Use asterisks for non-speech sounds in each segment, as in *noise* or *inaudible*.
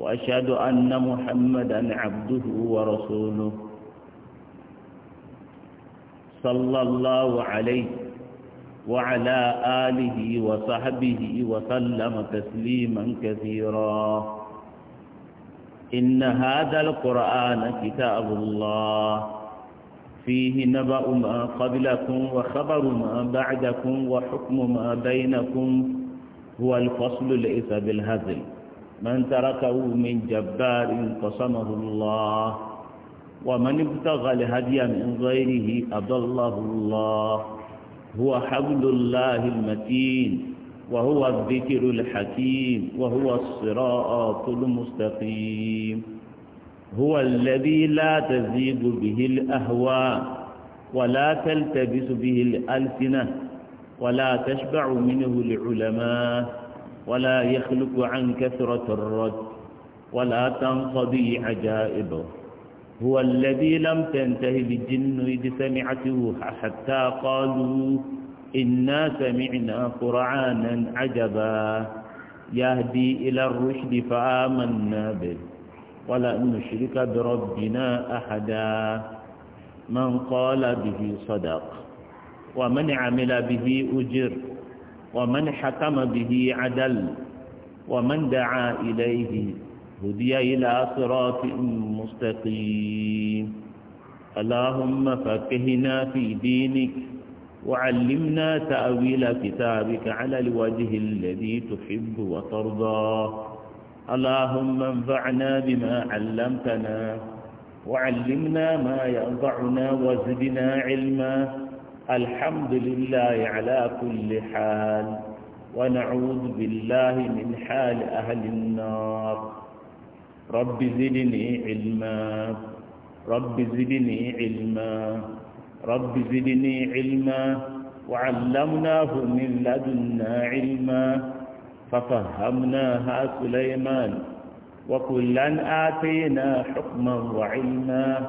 وأشهد أن محمدا عبده ورسوله صلى الله عليه وعلى آله وصحبه وسلم تسليما كثيرا إن هذا القرآن كتاب الله فيه نبأ ما قبلكم وخبر ما بعدكم وحكم ما بينكم هو الفصل ليس بالهزل من تركه من جبار قصمه الله ومن ابتغى الهدي من غيره أضله الله هو حبل الله المتين وهو الذكر الحكيم وهو الصراط المستقيم هو الذي لا تزيد به الأهواء ولا تلتبس به الألسنة ولا تشبع منه العلماء ولا يخلق عن كثرة الرد ولا تنقضي عجائبه هو الذي لم تنتهي الجن إذ سمعته حتى قالوا إنا سمعنا قرآنا عجبا يهدي إلى الرشد فآمنا به ولا نشرك بربنا أحدا من قال به صدق ومن عمل به أجر ومن حكم به عدل ومن دعا إليه هدي إلى صراط مستقيم اللهم فقهنا في دينك وعلمنا تأويل كتابك على الوجه الذي تحب وترضى اللهم انفعنا بما علمتنا وعلمنا ما ينفعنا وزدنا علما الحمد لله على كل حال ونعوذ بالله من حال أهل النار رب زدني علما رب زدني علما رب زدني علما وعلمناه من لدنا علما ففهمناها سليمان وكلا آتينا حكما وعلما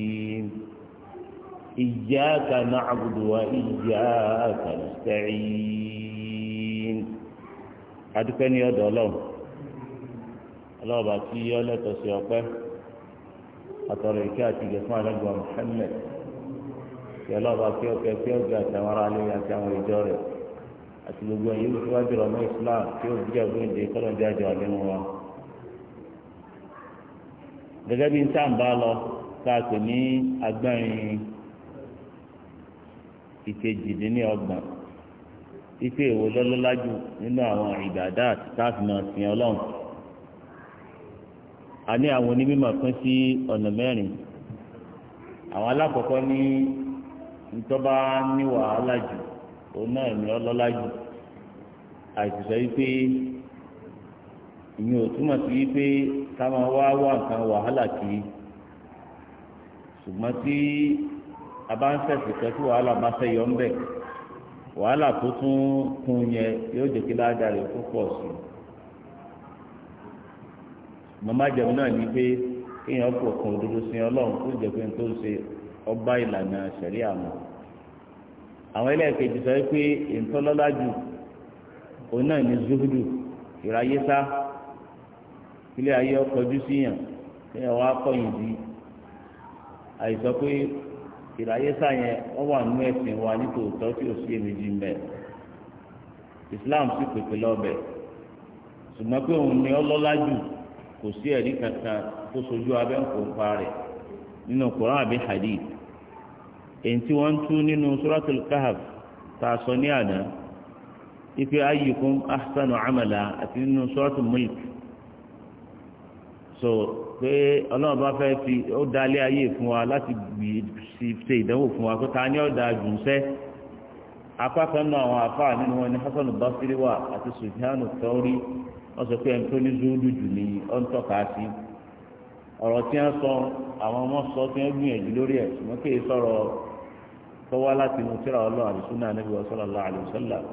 إياك نعبد وإياك نستعين adúpẹ́ ní ọ̀dọ̀ ọlọ́run ọlọ́run bá tí ọlẹ́tọ̀ sí ọpẹ́ àtọ̀rọ̀ ìkẹ́ àti ìgẹ̀ fún alẹ́gbọ̀n Muhammad tí ọlọ́run bá tí ọkẹ́ tí ọgbẹ́ àti àwọn ará alẹ́ àti àwọn ìjọ rẹ̀ àti gbogbo ẹ̀yìn ló fi wájú ọmọ Islam ìkejìdínlọ́gbọ̀n ipe èwo lọ́lọ́lájú nínú àwọn ìgbàdá àti táàfin ọ̀sìn ọlọ́run a ní àwọn onímọ̀ pín sí ọ̀nà mẹ́rin àwọn alákọ̀ọ́kọ́ ní ntọ́ba ní wàhálà jù òun náà ní ọlọ́lá jù àìsí sọ wípé ìyẹn ò túmọ̀ sí wípé ká máa wá wá nǹkan wàhálà kiri ṣùgbọ́n tí. Si, abá ń fẹ̀sì kẹ́kí wàhálà bá fẹ́ yọ ńbẹ̀ wàhálà tó tún kún yẹn yóò jẹ́ kí ládàá rẹ̀ kó pọ̀ sí i màmá jẹun náà ní pé kéèyàn kò kàn dúró sí ọlọ́run tó jẹ́ pé tó ń ṣe ọba ìlànà ṣẹ̀rí àmọ́ àwọn ẹlẹ́ẹ̀kejì sọ pé ìtọ́lọ́lá jù òun náà ní zuhudu ìráyésá ilé ayé ọkọ̀jú síyàn kéèyàn wá kọ̀yìn sí àìsọ pé ìráyésà yẹn wọ́n wà nínú wa nítòótọ́ tí o sí èméjì ń bẹ Islam sì pèpè lọ́bẹ̀ ṣùgbọ́n pé òun ni ọlọ́lá jù kò sí ẹ̀rí kankan tó sojú abẹ́ ń kó pa nínú Quran àbí hadith èyí tí tú nínú suratul kahf ta sọ ní àná ipe ahsanu amala àti nínú suratul pé ọlọ́run bá fẹ́ fi ó da ilé ayé fún wa láti ṣe ìdánwò fún wa pé ta ni ọ̀dà àjùmọ̀sẹ́ apá kan náà àwọn afá nínú wọn ni Hasan Basiri wa àti Sufyanu Thauri wọ́n sọ pé ẹni tó ní zúúdù jù ní ọ̀ńtọ́ka sí ọ̀rọ̀ tí wọ́n sọ àwọn ọmọ sọ tí wọ́n gbìyànjú lórí ẹ̀ ṣùgbọ́n kí èyí sọ̀rọ̀ tó wá láti inú tíra ọlọ́run àti súnà níbi sallallahu alaihi wasallam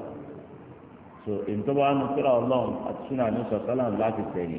so èyí tó bá wà nínú tíra ọlọ́run àti súnà níbi sallallahu láti tẹ̀lé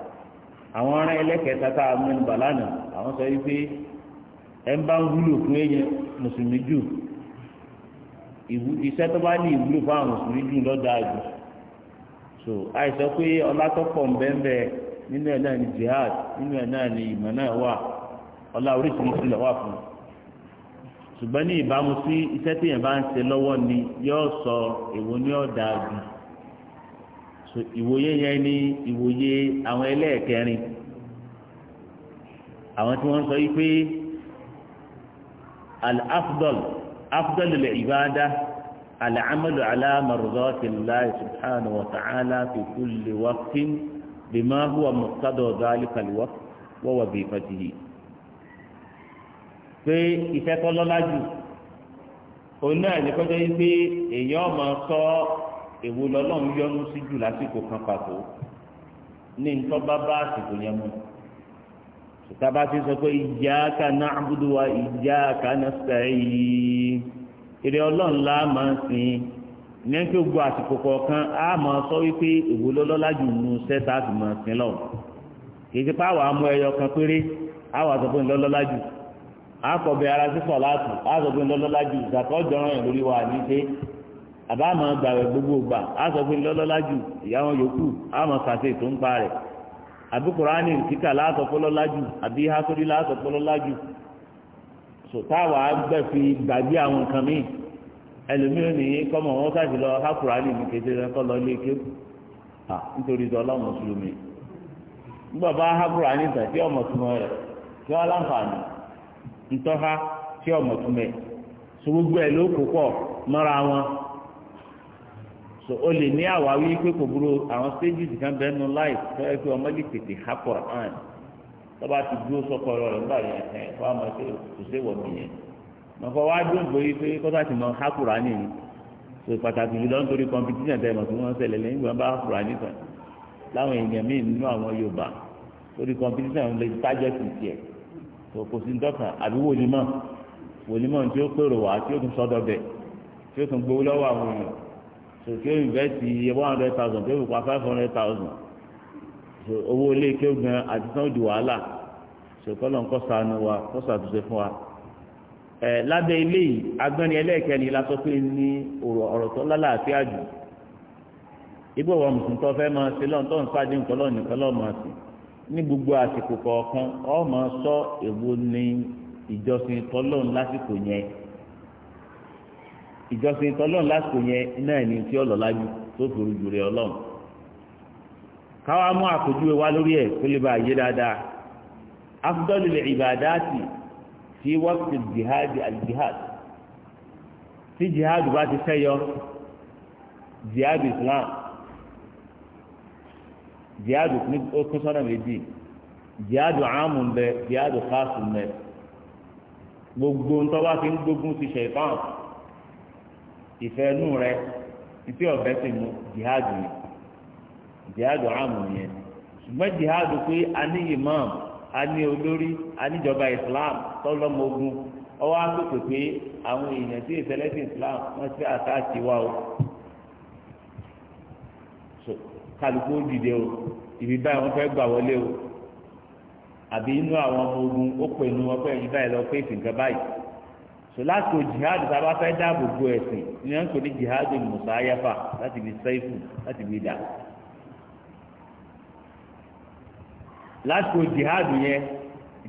àwọn ọ̀rẹ́ ẹlẹ́kẹ̀ẹ́ta tá a mẹ́nu bà lánàá àwọn sọ wípé ẹ ń bá ń wúlò fún èèyàn mùsùlùmí jù iṣẹ́ tó bá ní ìwúlò fún àwọn mùsùlùmí jù lọ́dà jù so àìsọ pé ọlátọ́pọ̀ ńbẹ́ńbẹ́ nínú ẹ̀ náà ni jihad nínú ẹ̀ náà ni ìmọ̀ náà wà ọlá oríṣiríṣi lọ́wọ́ fún un ṣùgbọ́n ní ìbámu sí iṣẹ́ tí yẹn bá ń ṣe lọ́wọ́ ni yóò sọ èwo ni ó dáa ìwòye yẹn ni ìwòye àwọn ẹlẹ́ẹ̀kẹrin àwọn tí wọ́n sọ yìí pé al-afdal afdal al-ibada al-amalu ala mardatillahi subhanahu wa ta'ala fi kulli waqtin bima huwa muqtada dhalika al-waqt wa wazifatihi pé ìfẹ́ tọ́lọ́lá jù òun náà ní kọjá yìí pé èèyàn máa sọ èwo lọ́lọ́run si sí lásìkò kan pàtó ní ntọ́ba bá àsìkò yẹn mu sọtaba ti sọ pé iyyaka wa iyyaka nasta'in èrè ọlọ́run la máa ń sìn ní kí gbogbo àsìkò kọ̀ọ̀kan a máa sọ wípé èwo lọ́lọ́lá jù sẹ́ta máa lọ ẹyọ kan péré á wà sọ pé ńlọ́lọ́lá jù á ara àbá àmọ́ gbàwẹ̀ gbogbo gbà á sọ fún lọ́lọ́lá jù ìyá wọn yòókù á mọ̀ fàṣẹ ètò ń pa rẹ̀ àbí kùránì kíkà láàtọ̀ fọlọ́lá jù àbí hákórí jù sòtáwà fi gbàgbé àwọn nǹkan míì ẹlòmíràn ní kọ́mọ̀ wọn lọ hákùránì ní kété kọ́ lọ ilé kéwù à nítorí tó so o lè ní àwáwí pé kò burú àwọn stages kan bẹ́ẹ̀ nu láì fẹ́ pé ọmọ lè tètè ha Quran tọ́ba ti dúró sọ́kọ rẹ̀ nígbà yẹn ẹ̀ fọ́ àmọ́ pé kò sí ìwọ̀n nìyẹn mọ̀fọ́ wá dùn gbòòrí pé kọ́sá ti mọ ha Quran yìí so pàtàkì jùlọ nítorí competition tẹ̀ mọ̀ tí wọ́n ṣẹlẹ̀ lẹ́yìn ìgbà bá Quran tán láwọn èèyàn míì nínú àwọn Yorùbá torí competition lè tájẹ́ sí tiẹ̀ so kò sí dọ́kà àbí wòlímọ̀ wòlímọ̀ tí ó pèrò wá tí ó tún sọ́dọ̀ bẹ̀ tí ó tún gbowó lọ́wọ́ àwọn èèyàn so kí o invest iye one hundred thousand kí o pa five hundred thousand so owó ilé kí o gan àti tán di wàhálà so kọ́ ló ń kọ́ sànù wa kọ́ sàtúnṣe fún wa ẹ lábẹ́ ilé yìí agbẹ́ni ẹlẹ́ẹ̀kẹ́ni la sọ pé ní ọ̀rọ̀ tó lálàáfíà jù ibò wọ mùsùlùmí tó fẹ́ máa ṣe lọ́n tó ń pàdé nǹkan lọ́ọ̀ nìkan lọ́ọ̀ máa ṣe ní gbogbo àsìkò kọ̀ọ̀kan ọ̀ máa sọ èwo ni ìjọsìn tọ́lọ́ọ̀ lásìkò yẹn ìjọsìn tọlọ́run lásìkò yẹn náà ní tí ọlọ́lá ju tó fòrò jù rẹ̀ ọlọ́run káwá mú àpèjúwe wá lórí ẹ̀ kó lè bá yé dáadáa afdalul ibadati fi waqti jihad al-jihad tí jihad bá ti fẹ́ yọ jihad islam jihad ní okun sọ́nà méjì jihad àmù ń bẹ jihad káàsù ń bẹ gbogbo ntọ́ bá fi ń gbógun ti ṣẹ̀fọ́n ìfẹ́ inú rẹ ìfẹ́ ọ̀bẹ sì mú jihadu ni jihadu àmù yẹn ṣùgbọ́n jihadu pé a ní imam a ní olórí a níjọba islam tọ́lọ́mọ ogun ọwọ́ àpèpè pé àwọn èèyàn tí ìfẹ́lẹ́sìn islam wọ́n ti àtàkì wa o kálukú dìde o ibi báyìí wọ́n fẹ́ gbà wọlé o àbí inú àwọn ọmọ ogun ó pè nu ọpẹ́ yìí báyìí lọ pé ìsìnkà báyìí so láti o jihad tá a bá fẹ́ dáàbò bo ẹ̀sìn ní wọn kò ní jihad musayafa láti fi sẹ́fù láti fi dà láti o jihad yẹn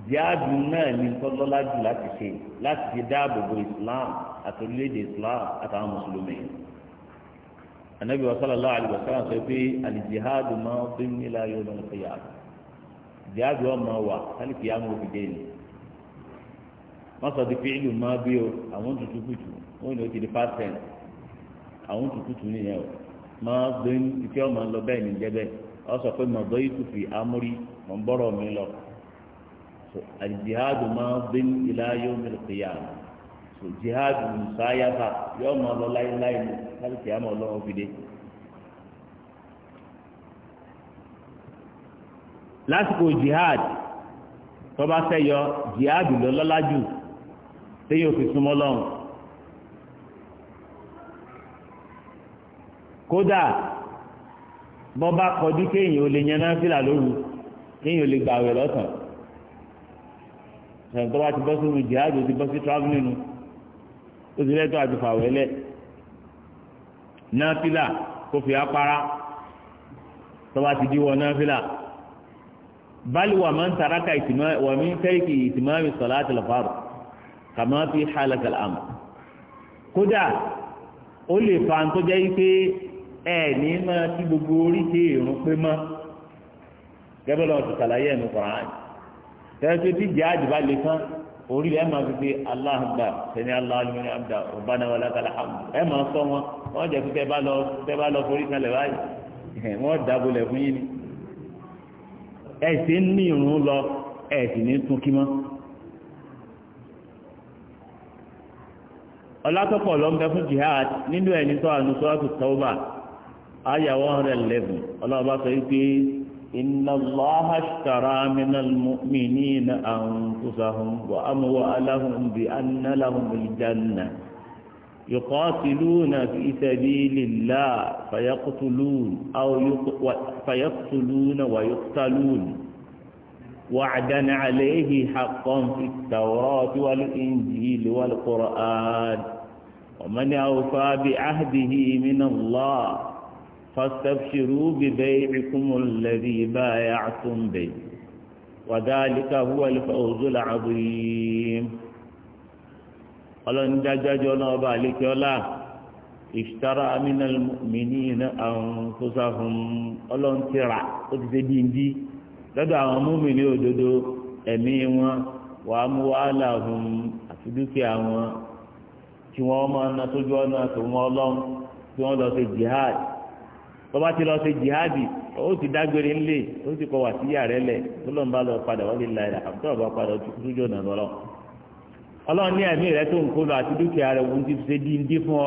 jihad náà ní tọ́lọ́lá jù láti ṣe láti fi dáàbò bo islam àti orílẹ̀-èdè islam àtàwọn mùsùlùmí anabi wa sallallahu alayhi wa sallam sọ pé alijihad máa ń fi ń nílá yóò lọ́nà fẹ́yà jihad wọn máa wà kálífìyà mọ́ òfìdé ni wọ́n sọ di fíìlù máa bí o àwọn tutù kùtù wọ́n ní o ti di past ten àwọn tutù kùtù nìyẹn o máa gbé iṣẹ́ ọmọ lọ bẹ́ẹ̀ ní jẹ́bẹ̀ ọ sọ pé màá bọ́ ikú fi amúrí mọ̀ ń bọ́rọ̀ mi lọ àjìhádù máa gbé ilá yóò mi lọ́kìyà so jihádù musáyàfà yóò máa lọ láéláé ní láti tẹ̀ àmọ́ ọlọ́run fi dé. lásìkò jihad tọ́ba fẹ́ yọ jihad lọ́lọ́lá jù téyìn ò fi súnmọ́ lọ́hùn. kódà bọ́ bá kọjú kéèyàn ò lè yan náfìlà lóru kéèyàn ò lè gbààwẹ̀ lọ́sàn. ṣàǹtọ́ wa ti bọ́ sínú jihad ó ti bọ́ sí travelling nu ó ti lẹ́tọ́ àti fàwẹ́lẹ̀ náfìlà kò fi apara tọ́ba ti di wọ náfìlà bali wà máa ń taraka ìtìmọ́ wà mí ń tẹ́rìkì ìtìmọ́ mi sọ̀lá àti lọ́fàrọ̀ kàmá fi halakal am kódà ó lè fa tó jẹ́ pé ẹ ní máa ti gbogbo oríṣi ìrún pé mọ́ gẹ́gẹ́ lọ́wọ́ ti sàlàyé ẹ̀nu Qur'an tẹ́lifí tí jẹ́ àdìbá lè tán orí ẹ̀ máa fi pé aláhùgbà sẹ́ni aláhùgbà àbdà ọ̀bánà wàlá kàlà àmì ẹ̀ máa sọ wọn wọ́n jẹ́ pé tẹ́ bá lọ forí kan lẹ̀ báyìí wọ́n dábòlẹ̀ fún yín ni ẹ̀ sì ń ní ìrún lọ ẹ̀ sì ní tún kí mọ́. ọlátọ́pọ̀ ló ń bẹ fún jihad nínú ẹni tó àánú sọ́ọ́tù tọ́wọ́bà ayàwó rẹ̀ lẹ́bùn ọlọ́ọ̀bá sọ wípé inna Allaha ashtara minal mu'minina anfusahum wa amwalahum bi anna lahumul janna يقاتلون في سبيل الله فيقتلون أو يق... فيقتلون ويقتلون وعدا عليه حقا في التوراة والإنجيل والقرآن ومن أوفى بعهده من الله فاستبشروا ببيعكم الذي بايعتم به وذلك هو الفوز العظيم قالوا دجاجوا نوبا لكيولا اشترى من المؤمنين أنفسهم قالوا انترى اتزدين دي لدى المؤمن يوددوا أميوا وأموالهم أفدوكي tí wọ́n máa na tójú ọ̀nà àtòmọ́ ọlọ́run tí wọ́n lọ ṣe jihad tó bá ti lọ ṣe jihad ó ti dágbére ńlẹ̀ ó ti kọ wà sí yàrá lẹ̀ tó lọ́n bá lọ padà wọ́n lè la ẹ̀rà àbúrò ọ̀bá padà tójú ọ̀nà lọ́rọ̀ ọlọ́run ní ẹ̀mí rẹ tó ń kó lọ àti dúkìá rẹ wọ́n ti ṣe díndín fún ọ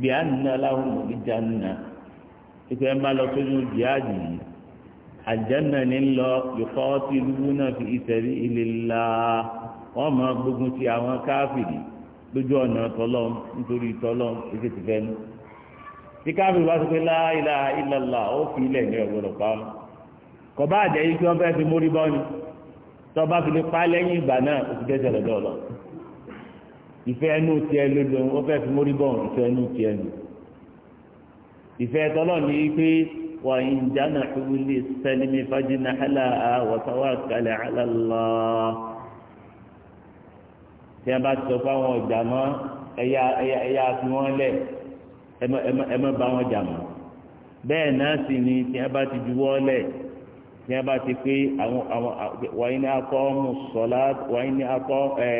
bí a nà láwọn òbí jánà ìpè ń bá lọ tójú jihad yìí àjẹ́nà ní lọ yòókọ́ ti náà fi ìtẹ̀rí ilé wọ́n máa gbógun ti àwọn káfìrí lójú ọ̀nà tọ́lọ́m nítorí tọ́lọ́m ètò ìfẹ́ nu tí káfíń bá sọ pé la ilaha illallah ó fi ilẹ̀ ní ọ̀gbọ̀dọ̀ pa ọ́ kọ̀bá àjẹ́ yìí kí wọ́n fẹ́ fi mórí bọ́ ni tọ́ba fi lè pa lẹ́yìn ìgbà náà ó ti dẹ́sẹ̀ lọ́dọ̀ lọ ìfẹ́ ẹnu tiẹ̀ lójú ó fẹ́ fi mórí bọ́ ìfẹ́ ẹnu tiẹ̀ nù ìfẹ́ tọ́lọ́ ni pé wà ń jánà ìwúlé sẹ́lẹ̀mí fájínà hàlà àwọn tọ́wọ́ àkàlẹ̀ Allah tí wọn bá ti sọ fáwọn ọjà mọ ẹyà ẹyà ẹyà fi wọn lẹ ẹ má bá wọn jà mọ bẹ́ẹ̀ náà sì ni tí wọn bá ti juwọ́ lẹ tí wọn bá ti pé àwọn àwọn wàyí ni akọ ọmọ sọlá wàyí ni akọ ẹ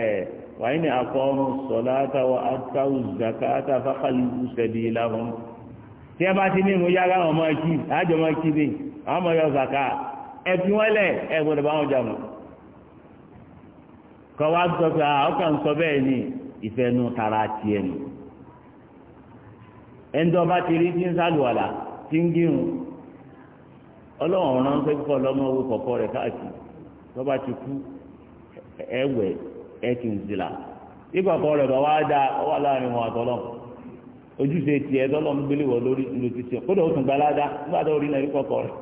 wàyí ni akọ ọmọ sọlá táwọn akáwù zakata fákàlì ìṣẹ̀bí làwọn tí wọn bá ti ní ìmú yára àwọn ọmọ ẹkí àjọmọ ẹkí ni àwọn ọmọ yọ zaka ẹ fi wọn lẹ ẹ gbọ́dọ̀ bá wọn jà mọ. kọ́ wá sọ pé ah, ọkàn ń sọ bẹ́ẹ̀ ni ìfẹ́nu tara tiẹ̀ ẹnu ẹnjọ́ bá ti rí tí ń sálùwàlà tí ń gírun ọlọ́run ránṣẹ́ kọ́ lọ́mọ owó kọ̀ọ̀kọ́ rẹ̀ káàkiri lọ́ba ti kú ẹ̀wẹ̀ ẹ̀ ti ń zìlà ìgbàkọ̀ rẹ̀ bá wá da láàrin wọn àtọ́lọ́ ojúṣe tiẹ̀ tọ́lọ́ ń wọ lórí ló ti tiẹ̀ kódà ó tún nígbà tó rí náà ìkọ̀kọ̀ rẹ̀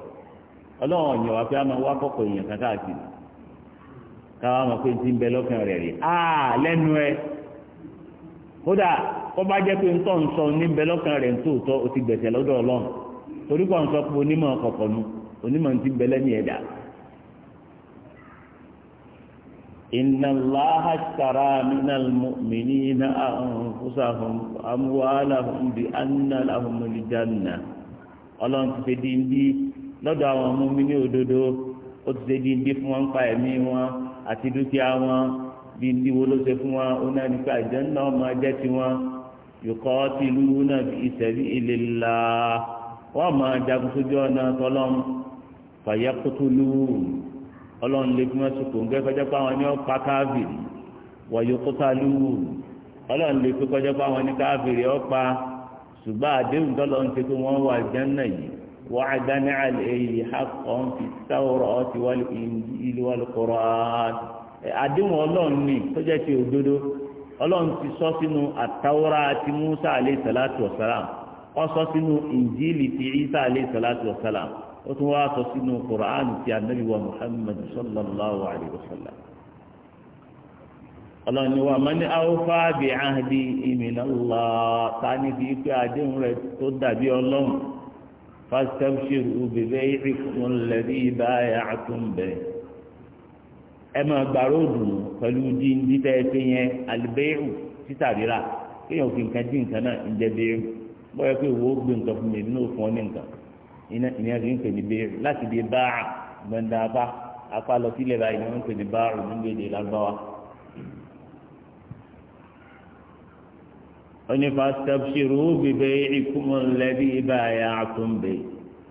ọlọ́run ọ̀yàn wá káwọn mọ̀ pé ti ń bẹ lọ́kàn rẹ̀ rí a lẹ́nu ẹ kódà kó bá jẹ́ pé ń tọ́ ń sọ ní bẹ lọ́kàn rẹ̀ ń tó tọ́ o ti gbẹ̀sẹ̀ lọ́dọ̀ ọlọ́run torí kò ń sọ pé onímọ̀ kọ̀kọ̀ nu onímọ̀ ti ń bẹ lẹ́yìn ẹ̀dá. inna allaha ashtara minal mu'minina anfusahum amwalahum bi anna lahumul janna ọlọ́run ti fi di ń bí lọ́dọ̀ àwọn ọmọ mi ní òdodo ó ti di ń bí fún wọn pa ẹ̀mí wọn àti dúkìá wọn bíi tí wo ló ṣe fún wọn ó náà nípa àlùjánnà máa jẹ́ tiwọn yuqatiluna fi sabilillah wọ́n máa jagun sójú ọ̀nà tọ́lọ́m fàyẹ́kútúlù ọlọ́run lè fi wọ́n sùkò ń gẹ́ kọjá pé àwọn ní ọ̀pá káfìrí wọ̀yọ́kútàlù ọlọ́run lè fi kọjá pé àwọn ní káfìrí ọ̀pá ṣùgbọ́n àdéhùn tọ́lọ́run ṣe pé wọ́n wà jẹ́nà yìí وعدنا عليه حقا في التوراة والإنجيل والقرآن àdéhùn ọlọ́run ni tó jẹ́ ti òdodo ọlọ́run ti sọ sínú àtàwọ́rá ti musa alayhi salatu wasalam ó sọ sínú injili ti isa alayhi salatu wasalam ó tún wá sọ sínú qur'an ti anabi wa muhammad sallallahu alayhi wa sallam ọlọ́run ni wa man awfa bi ahdi min Allah ta ni fi pé àdéhùn rẹ̀ tó dàbí ọlọ́run. فاستبشروا ببيعكم الذي بايعتم به ẹ máa gbàrọ òdùnnú pẹ̀lú díndín tẹ ẹ fi yẹn àlùbẹ́rù títà rírà kéèyàn fi nǹkan dín nǹkan náà ń jẹ béèrè bóyá pé ìwọ gbé nǹkan fún mi èmi náà fún nǹkan ìyẹn fi ń pè ní béèrè láti di báà gbọ̀ndà apá apá lọ sílẹ̀ báyìí ni wọ́n ń pè ní báà òdùnnú gbèdè lágbáwá. onífà sẹ́pṣirò bíbẹ́ ìkúmọ̀ lẹ́bí ibà ẹ̀yà àtúnbẹ̀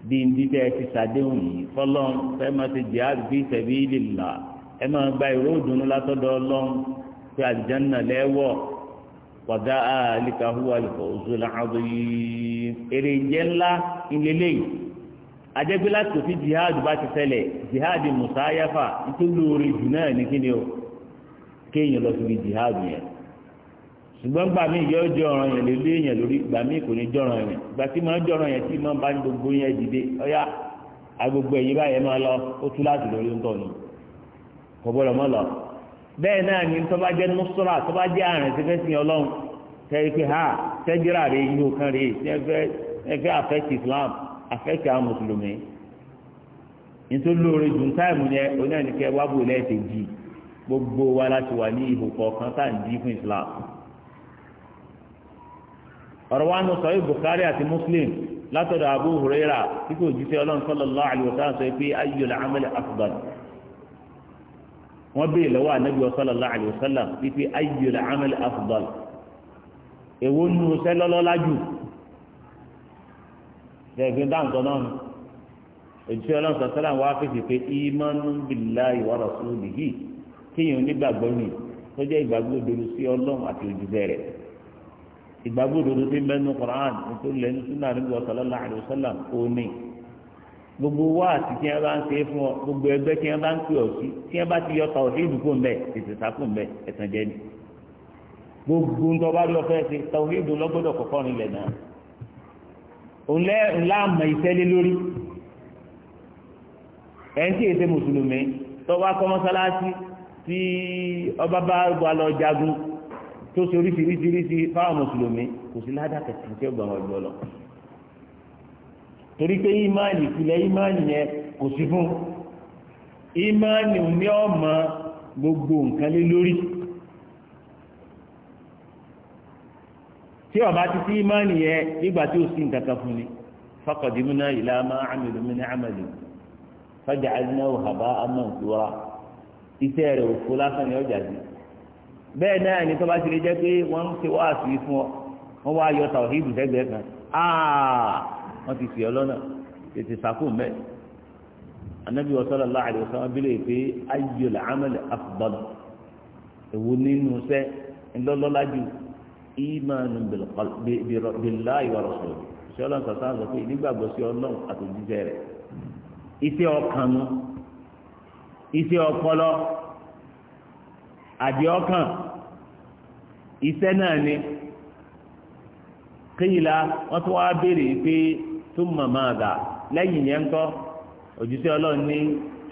bí n dídẹ́ ti sàdéhùn yìí fọlọ́n fẹ́ máa ti jẹ́ àbí tẹ̀bí ìlìlá ẹ máa gba ìró ìdùnnú látọ̀dọ̀ ọlọ́run pé àlìjánná lẹ́wọ̀ wàdà àlìkà húwa lùfọ̀ oṣù làwọn yìí èrè ìjẹ́ ńlá ìlélẹ́yìí àjẹgbé láti òfin jihad bá ti ṣẹlẹ̀ jihad musayafa nítorí orí jù náà ní kíni o kéèyàn lọ síbi jihad yẹn ṣùgbọ́n gbà mí yọ o ọ̀ràn yẹn lè lé yẹn lórí gbà mí kò ní jọ̀ràn yẹn gbà tí máa jọ̀ràn yẹn tí máa bá ní gbogbo yẹn dìde ọ̀yà agbègbè yìí ma lo lọ ó tú láti lórí ni kò gbọ́dọ̀ mọ́ lọ. bẹ́ẹ̀ náà ni tọ́ba jẹ́ nọ́sọ́rà tọ́ba jẹ́ àrùn ọlọ́run tẹ́lẹ̀ pé ha tẹ́jìrà rẹ yìí ọ̀rọ̀ wa nù sọ̀rọ̀ Bukhari àti Muslim látọ̀dọ̀ Abu Huraira tí kò jíṣẹ́ ọlọ́run sallallahu alaihi wasallam sọ pé ayyul amali afdal wọ́n béèrè lọ́wọ́ anabi sallallahu alaihi wasallam pé ayyul amali afdal èwo nù sẹ́lọ́lọ́lá jù gẹ̀gẹ́ dáǹtọ́ náà nù ètùtù ọlọ́run sọ̀tọ́lá wa fèsì pé ìmánu billahi wa rasulihi kéèyàn onígbàgbọ́ mi tó jẹ́ ìgbàgbọ́ ìgbàgbọ́ òdodo tí ń bẹ nínú Qur'an ètò ilẹ̀ ní sunna àdúgbò sallallahu alaihi wasallam òní gbogbo wa àti tí wọn bá ń ṣe é fún ọ gbogbo ẹgbẹ́ tí wọn bá ń pè ọ sí tí wọn bá ti yọ tawhid kò mbẹ ètò ìsàkó mbẹ ẹ̀tàn jẹ ni gbogbo ń tọ́ba lọ fẹ́ ṣe tawhid lọ́gbọ́dọ̀ kọ̀kọ́ nílẹ̀ náà ònlẹ́ ńlá àmọ̀ ìṣẹ́lẹ̀ lórí ẹ̀ ń tí èsè mùsùlùmí tọ́ba kọ́ mọ́sálásí tí ọba bá wà lọ jagun tó ṣe oríṣiríṣiríṣi fáwọn mùsùlùmí kò sí ládàkẹ́ tí kẹ́ gbọ̀n ọjọ́ lọ. torí pé ìmáàlì ìpìlẹ̀ ìmáàlì yẹn kò sí fún ìmáàlì ní ọmọ gbogbo nǹkan lé lórí. tí ọba ti sí ìmáàlì yẹn nígbà tí ó sì nǹkan kan fún ni faqadimna ila ma amilu min amali faja'alnahu haba'an mansura iṣẹ́ rẹ̀ òfo lásán ni ọjà sí bẹ́ẹ̀ náà ni tó bá ti lè jẹ́ pé wọ́n ń ṣe wá àṣì fún ọ wọ́n wá yọ tàwíìdù sẹ́gbẹ̀ẹ́ kan ah! wọ́n ti fi ọ tètè sàkó mẹ́ anabi wa sallallahu alaihi wa sallam bílẹ̀ pé ayyul amal afdal èwo nínú sẹ́ ńlọ́lọ́lájú ìmánu billahi wa rasulihi ṣé ọlọ́run sọ̀tà sọ pé nígbàgbọ́ sí ọlọ́run àtòjíṣẹ́ rẹ̀ iṣẹ́ ọkàn nu ọpọlọ àdìọ́kàn iṣẹ́ náà ni kéyìlá wọ́n tún wá béèrè pé tó màmá àgbà lẹ́yìn yẹn ń kọ́ òjíṣẹ́ ọlọ́run ní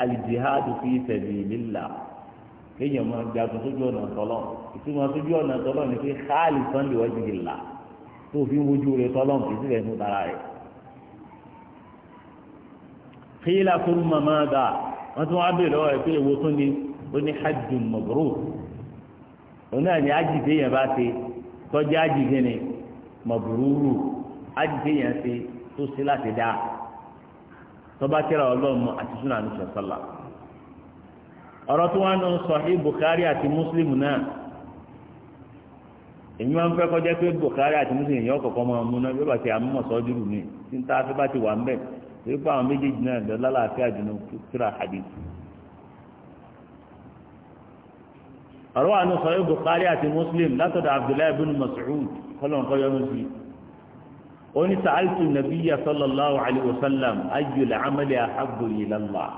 alìjìhádù fi sabilillah kéèyàn máa jagun sójú ọ̀nà tọ́lọ̀ ìtumọ̀ sójú ọ̀nà tọ́lọ̀ ni pé káàlì sànńdì wájú ti là tó fi ń wojú rẹ tọ́lọ̀ kì í sì rẹ̀ nù rẹ̀. kéyìlá tó màmá àgbà wọ́n tún wá béèrè lọ́wọ́ ẹ̀ pé èwo tún ni ó ní hajj mabrur òun náà ni hajj téèyàn bá ṣe tọ́jú hajj gíní mabruru hajj téèyàn ṣe tó ṣe láti dáa tọ́ba kíra ọlọ́run àti súnà àlùsọ̀ sọ́là ọ̀rọ̀ tó wá ń Muslim náà èmi máa kọjá pé àti Muslim yẹn máa mú náà a mú ọ̀sọ́ dúró mi tí n ta fẹ́ bá ti wà ń bẹ̀ torí àwọn méjèèjì náà lọ ọ̀rọ̀ wà ní sọ̀rọ̀ Bukhari àti Muslim látọ̀dọ̀ Abdullahi bin Mas'ud kọlọ̀n kọ́ yọnu sí ó ní sa'altu nabiyya sallallahu alaihi wa sallam ayyul amali ahabbu ila Allah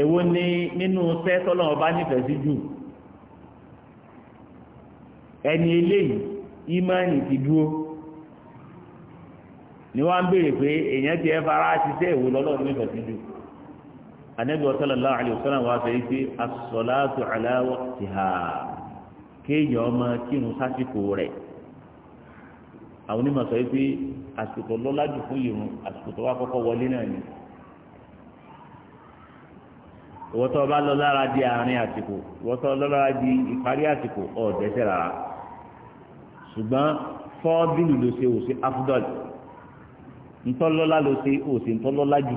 èwo ni nínú sẹ́ tọ́lọ́n ọba nífẹ̀ẹ́ sí jù ẹni eléyìí ìmánì ti dúró ni wọ́n ń béèrè pé èèyàn ti ẹ fara ṣiṣẹ́ ìwò lọ́lọ́run nífẹ̀ẹ́ sí jù anabi sallallahu alayhi wa sallam wàá fẹ́ pé as-salatu ala waqtiha kéèyàn ọmọ kírun sásìkò rẹ̀ àwọn onímọ̀ sọ pé àsìkò lọ́lájú fún ìrun àsìkò tó wá kọ́kọ́ wọlé náà ni ìwọ́tọ́ ọba lọ lára di àárín àsìkò ìwọ́tọ́ lọ lára di ìparí àsìkò ọ̀ọ́dẹ́sẹ̀ rárá ṣùgbọ́n fọ́ọ́bìlì ló ṣe òsì afdal ntọ́lọ́lá ló ṣe òsì ntọ́lọ́lá jù.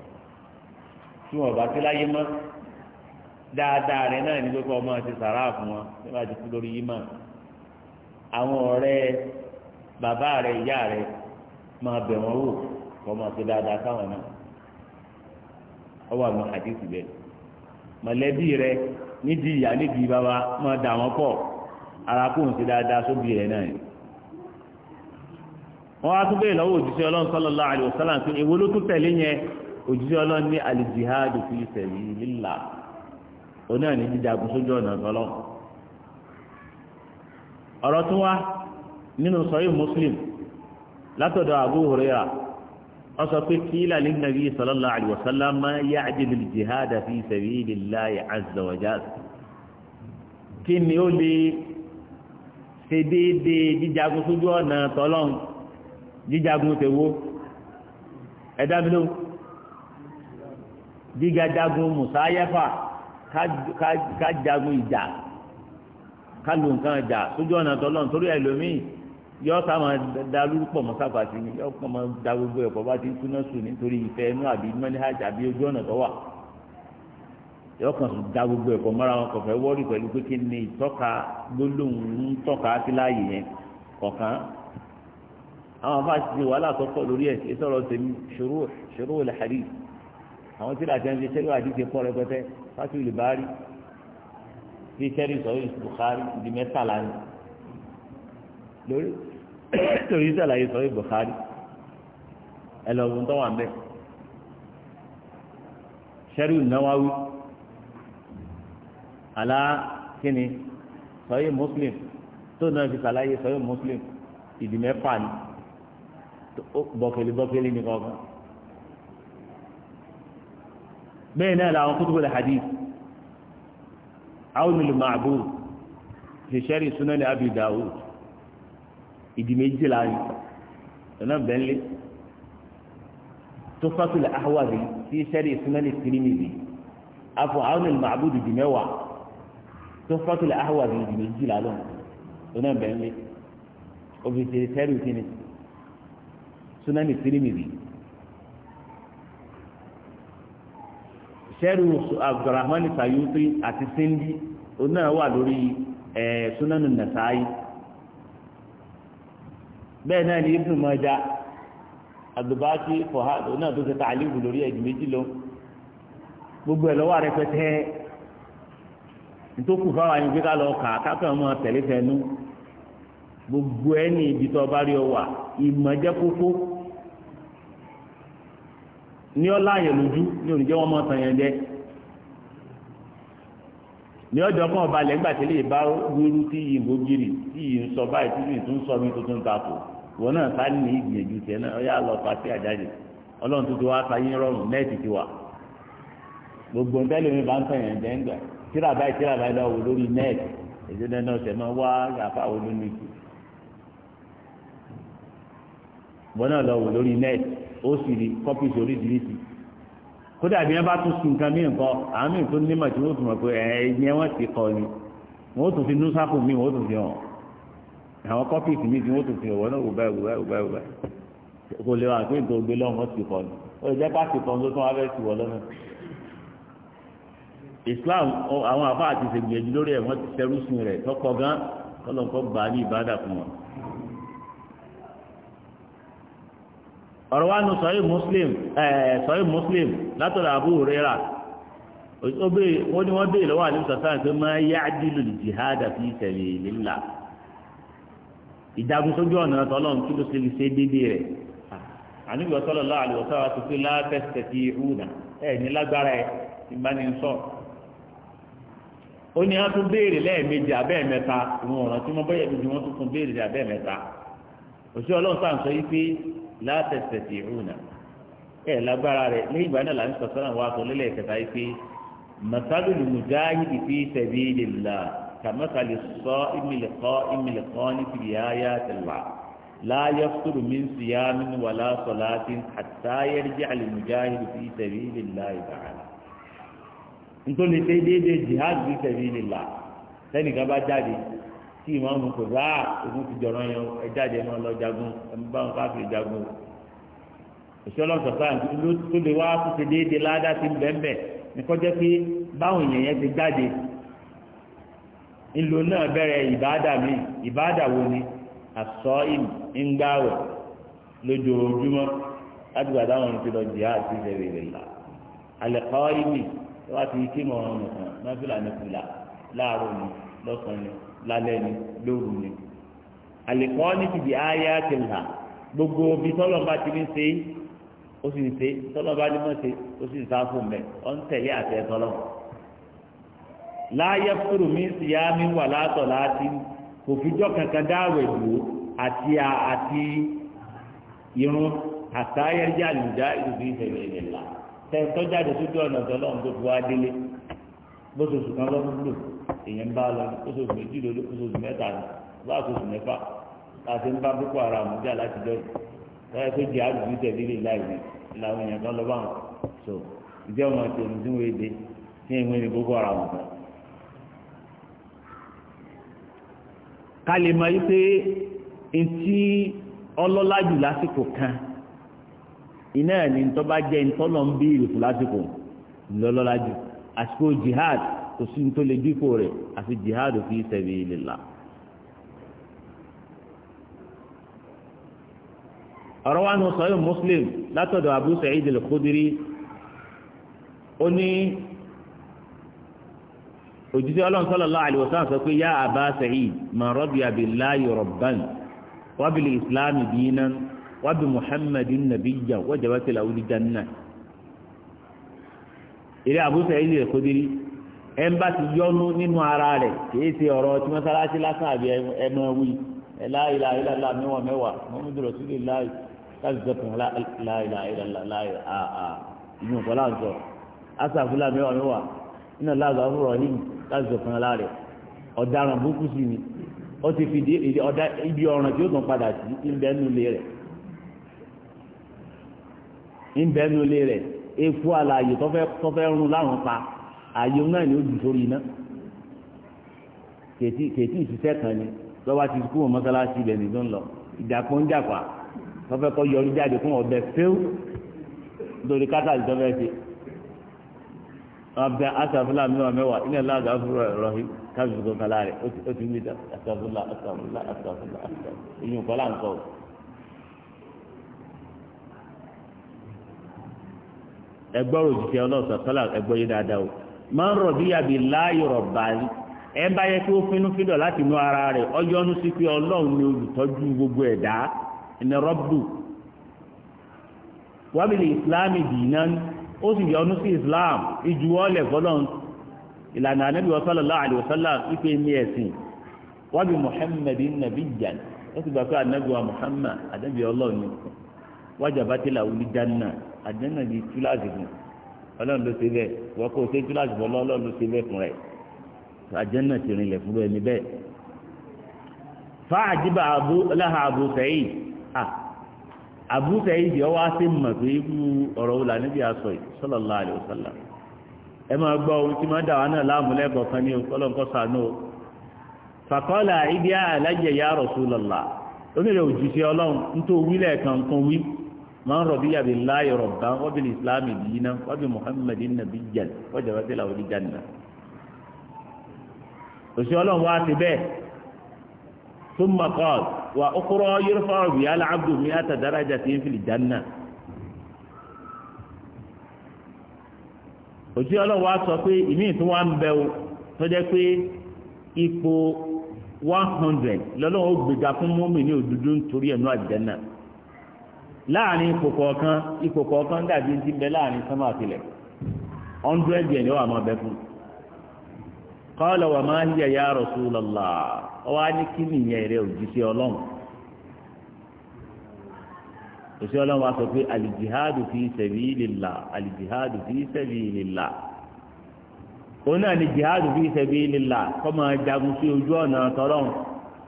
tí wọn bá ti láyé mọ́ dáadáa rẹ náà ní pé kọ́ ọmọ ti sàrà fún wọn tí wọn ti kú lórí yìí mọ́ àwọn ọ̀rẹ́ bàbá rẹ ìyá rẹ máa bẹ̀ wọ́n wò kọ́ ọmọ ti dáadáa sáwọn náà ọwọ́ àwọn àdìsí bẹ́ẹ̀ mọ̀lẹ́bí rẹ nídìí ìyá nídìí bàbá máa dà wọ́n pọ̀ arákùnrin ti dáadáa sóbì rẹ náà yìí á tún bẹ́ẹ̀ lọ́wọ́ òjíṣẹ́ ọlọ́run sallallahu alaihi wasallam pé èwo ló tún yẹn òjijì ọlọ́run ní alìjìhádù fi sabilillah oní àní jíjagun sójú ọ̀nà ọ̀gọ́lọ́ ọ̀rọ̀ tó wá nínú sọ́yìn muslim látọ̀dọ̀ Abu Hurairah wọ́n sọ pé kí ìlàlẹ́ nàbí sallallahu alaihi wasallam máa yá àjẹlẹ̀ alìjìhádù fi sabilillahi azza wa jalla kí ni ó lè ṣe déédéé jíjagun sójú ọ̀nà tọ́lọ́run jíjagun tèwo ẹ̀dá mi lóhùn. dịga musayefa musa ìjà ka nǹkan ìjà sójú ọ̀nà tọ́lọ́ nítorí ẹlòmíì yọ ọ́ sáwọn dalúrú pọ̀ mọ́ sábàtì ni yọ pọ̀ mọ́ da gbogbo ẹ̀kọ́ bá ti ń túná sùn nítorí ìfẹ́ inú àbí manhaj àbí ojú ọ̀nà da gbogbo ẹ̀kọ́ mọ́ra wọn kọ̀fẹ́ wọ́ọ̀rì pẹ̀lú pé kí ni ìtọ́ka gbólóhùn ń tọ́ka sí láàyè yẹn àwọn afáàsì ti wàhálà lórí àwọn tí làtí ẹni sẹ́rí wàdí ti pọ̀ rẹpẹtẹ fásitì olùbárí fi sẹ́rí sọ̀rọ̀ Bukhari di mẹ́tàlá ni lórí lórí sàlàyé sọ̀rọ̀ Bukhari ẹ lọ tó wà mẹ́ sẹ́rí Nawawi àlá kíni sọ̀rọ̀ Muslim tó náà fi sàlàyé sọ̀rọ̀ Muslim ìdí mẹ́fà ni bọ̀kẹ́lẹ́ bọ̀kẹ́lẹ́ nìkan kan bẹ́ẹ̀ náà làwọn kutubul hadith Awnul Ma'bud fi sharh Sunan Abi Dawud ìdí méjìlá yìí ọ̀nà bẹ́ńlẹ̀ Tuhfatul Ahwazi fi sharh Sunan Tirmidhi afọ Awnul Ma'bud ìdí mẹ́wàá Tuhfatul Ahwazi ìdí méjìlá lọ́nà ọ̀nà bẹ́ńlẹ̀ òfìsè sẹ́rì Sunan Tirmidhi sẹ́rù abdulrahman sayuti àti sindi oní náà wà lórí sunanu nasaai bẹ́ẹ̀ náà ni ibnu maja adubati fuhad oní náà tó ṣe tàlíbù lórí ẹ̀jù méjì lọ gbogbo ẹ̀ lọ́wọ́ rẹpẹtẹ ntókù fáwọn àyìnbí ká lọ kà tẹ̀lé gbogbo ẹ̀ ní ibi tó bá rí ọ wà ní ọlá yẹn lójú ní oníjẹ́ wọn mọ́ tàn yẹn jẹ́ ní ọjọ́ kan ọba lẹ́gbà tẹ́lẹ̀ bá wúrú tí yìí ń gbógiri tí yìí ń sọ báyìí tí yìí tún sọ mí tuntun ta kò wọn náà sáré ní ìgbìyànjú tẹ náà ọyá lọ fà sí àjáde ọlọ́run tuntun wa sáyé rọrùn nẹ́ẹ̀tì ti wà gbogbo ń tẹ́lẹ̀ mi bá ń tàn jẹ́ ń gbà tíra báyìí tíra báyìí lọ́wọ́ lórí nẹ́ẹ̀tì èdè dandan ọ̀sẹ̀ máa wá àfa olómi wọn náà lọ́wọ́ lórí nẹ́ẹ̀tì ó sì rí kọ́pì sórí dìrìtì kódà bí wọ́n bá tún sun nǹkan mí nǹkan àwọn míì tó nímọ̀ tí wọ́n tún mọ̀ pé ẹ̀ ẹ̀yẹ wọ́n ti kọ́ ni wọ́n tún fi núsàkù mí wọ́n tún fi hàn àwọn kọ́pì mí tí wọ́n tún fi hàn wọ́n náà wò báyìí wò báyìí wò báyìí wò báyìí kò lè wà pé nǹkan ògbé lọ́wọ́ wọ́n ti kọ́ ni ó lè jẹ́ pàṣẹ kan tó tún wá fẹ́ ti wọ̀ lọ́nà Islam àwọn àfáà ti ṣègbìyànjú lórí ẹ̀ wọ́n ti fẹ́rú sùn rẹ̀ tọ́kọ gan kọ́lọ́ńkọ́ gbà á ní ìbádà fún wọn. ọ̀rọ̀ wa nu sọ̀yìn muslim sọ̀yìn muslim látọ̀dọ̀ Abu Hurairah wọ́n ní wọ́n dé ìlọ́wọ́ àlẹ́ sọ̀tàn pé máa yá àdìlù jihad fi sabilillah ìjagun sójú ọ̀nà tọ́lọ́n kí ló ṣe lè ṣe déédéé rẹ̀ àníbi ọ̀sọ́lọ̀ lọ́wọ́ àlẹ́ ọ̀sọ́lọ̀ tó fi láàbẹ̀sẹ̀ ti hùnà ẹ̀ ní lágbára ẹ̀ ìbánisọ̀ ó ní wọ́n tún béèrè lẹ́ẹ̀mejì abẹ́ẹ̀mẹ́ta ìwọ̀n ọ̀ràn látẹ̀sẹ̀ tì rúnà ẹ̀ lágbára rẹ̀ lẹ́yìn ìgbà náà làwọn sọ̀tàn àwọn aṣọ lélẹ̀ kẹta yìí pé masalul mujahidi fi sabilillah kàmásàlì sọ ìmìlẹ̀kọ́ ìmìlẹ̀kọ́ ní tìrìyáyá tìlà láyé fúru mi ń sìyá nínú wàlá sọ̀láàtì àtàyẹ̀rì jẹ́ àlùmùjáhìdì fi sabilillah ta'ala nítorí déédéé jihad fi sabilillah sẹ́nìkan bá jáde tí ìmọ̀ ọ̀hún kò bá ogun ti jọ̀rọ̀ yẹn ẹ jáde ẹ máa lọ jagun ẹ máa bá wọn káàkiri jagun o òṣèlú ọ̀sọ̀tà ló tó lè wá tó ṣe déédéé ládàá ti ń bẹ́ẹ̀nbẹ́ẹ̀ nìkan jẹ́ pé báwọn èèyàn yẹn ti jáde ńlò náà bẹ̀rẹ̀ ìbáàdà mi ìbáàdà wo ni àsọ ìngbàwẹ̀ lójoojúmọ́ láti gbàdá wọn ti lọ jìyà àti ìṣẹ̀lẹ̀ rẹ̀ là àlẹ́kọ́ ìmì tó wá ti kí mọ̀ ọ́n nìkan náà fìlà ní kùlà láàárọ̀ ni lọ́sàn-án ni lálẹ́ ni lóru ni àlèkọ́ ní tìbí ayé àti ìhà gbogbo bí tọ́lọ́mbà ti ní ṣe ó sì ń ṣe tọ́lọ́mbà ní mọ̀ ṣe ó sì ń sá fún mẹ́ ọ́n tẹ̀lé àti ẹ̀ tọ́lọ́ láyé fúru mi sì yá mi wà látọ̀ láti kò fijọ́ kankan dáwẹ̀ dùn àti àti irun àtàyẹ̀jẹ̀ àlùjá ìlú fi ń fẹ̀lẹ̀ ìlẹ̀ la tẹ̀ tọ́jáde sójú ọ̀nà tọ́lọ́mbà tó fi wá délé lóṣooṣù kan lọ́dún lò èèyàn bá lọ lóṣooṣù méjì lọ́dún lóṣooṣù mẹ́ta lọ bá lóṣooṣù mẹ́fà láti ń bá boko haram jà láti dọ́yìn lọ́yẹ tó jẹ́ àdùgbò tẹ̀lé lè láì ní làwọn èèyàn kan lọ bá wọn so ìjẹ́ ọmọ tèmi tí wọ́n èdè tí èèyàn ní boko haram kan. ká lè mọ wípé ntí ọlọ́lá jù lásìkò kan iná ẹ̀ ní ntọ́ bá jẹ́ ntọ́nà ń bí ìrìkù lásìkò ńlọ́lọ́lá jù àsìkò jihad kò sí tó lè dípò rẹ̀ àfi jihad fi sabilillah. ọ̀rọ̀ wa nù sọ́yìn muslim látọ̀dọ̀ abu sa'id al-khudri ó ní òjíṣẹ́ ọlọ́run sallallahu alaihi wasallam sọ pé yá àbá sa'id man radiya billahi rabban wa islam dinan wa bi muhammadin nabiyyan wajabat lahu eré àbúfẹ́ ilé ẹ̀kọ́ dérí ẹnba ti yọnu nínú ara rẹ̀ kìí ṣe ọ̀rọ̀ tí mọ́sálásí lásán àbí ẹmọ wí ẹ láìla ìlàlá mẹ́wàá mẹ́wàá mọ́mídù rọ̀sílẹ̀ láì láti sọ̀tàn láìla ìlàlá láì àà ìlú nǹkan láǹzọ̀ asàfúlà mẹ́wàá mẹ́wàá iná láàzọ̀ àfúrọ̀ yìí láti sọ̀tàn láàrẹ̀ ọ̀daràn burúkú sí ni ó ti fi ibi ọ̀ràn tí ó tàn padà sí ń bẹ́ẹ̀ nulẹ̀ rẹ̀ efu àlàyé tọ́fẹ́ rún láwọn pa ààyè náà ni ó jù sórí iná kètì ìṣiṣẹ́ kan ni lọ́wọ́ ti kú wọn mọ́sálásí ibẹ̀ nìjọ ń lọ ìdàpọ̀ ń dàpà tọ́fẹ́ kọ́ yọrí jáde fún ọbẹ̀ fẹ́ù lórí kátàlì tọ́fẹ́ ṣe ọbẹ̀ asàfúlà mẹ́wàá mẹ́wàá ilẹ̀ láàdá fúnra ẹ̀rọ yìí kábíyèsí kọ́kànlá rẹ̀ ó ti wí asàfúlà asàfúlà asàfúlà asàfúlà ìyókọ́ là ń sọ̀rọ̀. ẹgbọ́n òjijì ọlọ́sọ̀ tọ́lá ẹgbọ́n yé dáadáa o máa ń rọ̀ bí yàbí láàyò rọ̀bà ni ẹ bá yẹ kí ó finú fídọ̀ láti inú ara rẹ̀ ọjọ́ ń sí pé ọlọ́run ni olùtọ́jú gbogbo ẹ̀dá ẹni rọ́bù wábìlì ìsìláàmì dìínà ó sì yọ ọ́nú sí ìsìláàm ìjuwọ́lẹ̀ fọlọ́n ìlànà anábì sallallahu alaihi wasallam ìpè ní ẹ̀sìn wábì muhammadu nàbí jan ó sì gbà pé anábì wa muhammad anábì ọlọ́run wájà bá tilà àjẹ́nà di túláàsì fún ọlọ́run ló ṣe bẹ́ẹ̀ wọ́n kó o ṣe túláàsì fún ọlọ́run ló ṣe bẹ́ẹ̀ fún rẹ̀ àjẹ́nà ti rìnlẹ̀ fún ẹni bẹ́ẹ̀. fa abu láha abu sẹ́yìn à abu sẹ́yìn yọ wá sí mọ̀ pé irú ọ̀rọ̀ wò lànà bíi yìí ẹ máa gbọ́ ohun tí máa náà láàmú kan ní man radiya billahi rabban wa bil islami dinan wa bi muhammadin nabiyyan wa jabat lahu al janna òsì ọlọ́run wá ti bẹ́ẹ̀ thumma qala wa ukhra yurfa'u biha al abdu mi'ata darajatin fil janna òsì ọlọ́run wá sọ pé ìmí ìtún wá ń bẹ o tó jẹ́ pé ipò one hundred lọ́lọ́run ó gbéga fún mọ́mì ní òdúdú nítorí ẹ̀nu àjẹ́nà láàrin ipò kọ̀ọ̀kan ipò kọ̀ọ̀kan dàbí ti bẹ láàrin sánmà àtìlẹ̀ ọ̀ndúrẹ́dì ẹ̀ ni wà máa bẹ fún qala wa ma hiya ya Rasulullah ọwọ́ á ní kí nìyẹn rẹ òjíṣẹ́ ọlọ́run òṣìṣẹ́ ọlọ́run wa sọ pé alìjìhádù fi sabilillah alìjìhádù fi sabilillah òun náà ni jìhádù fi sabilillah kọ́ máa jagun sí ojú ọ̀nà tọ́lọ́run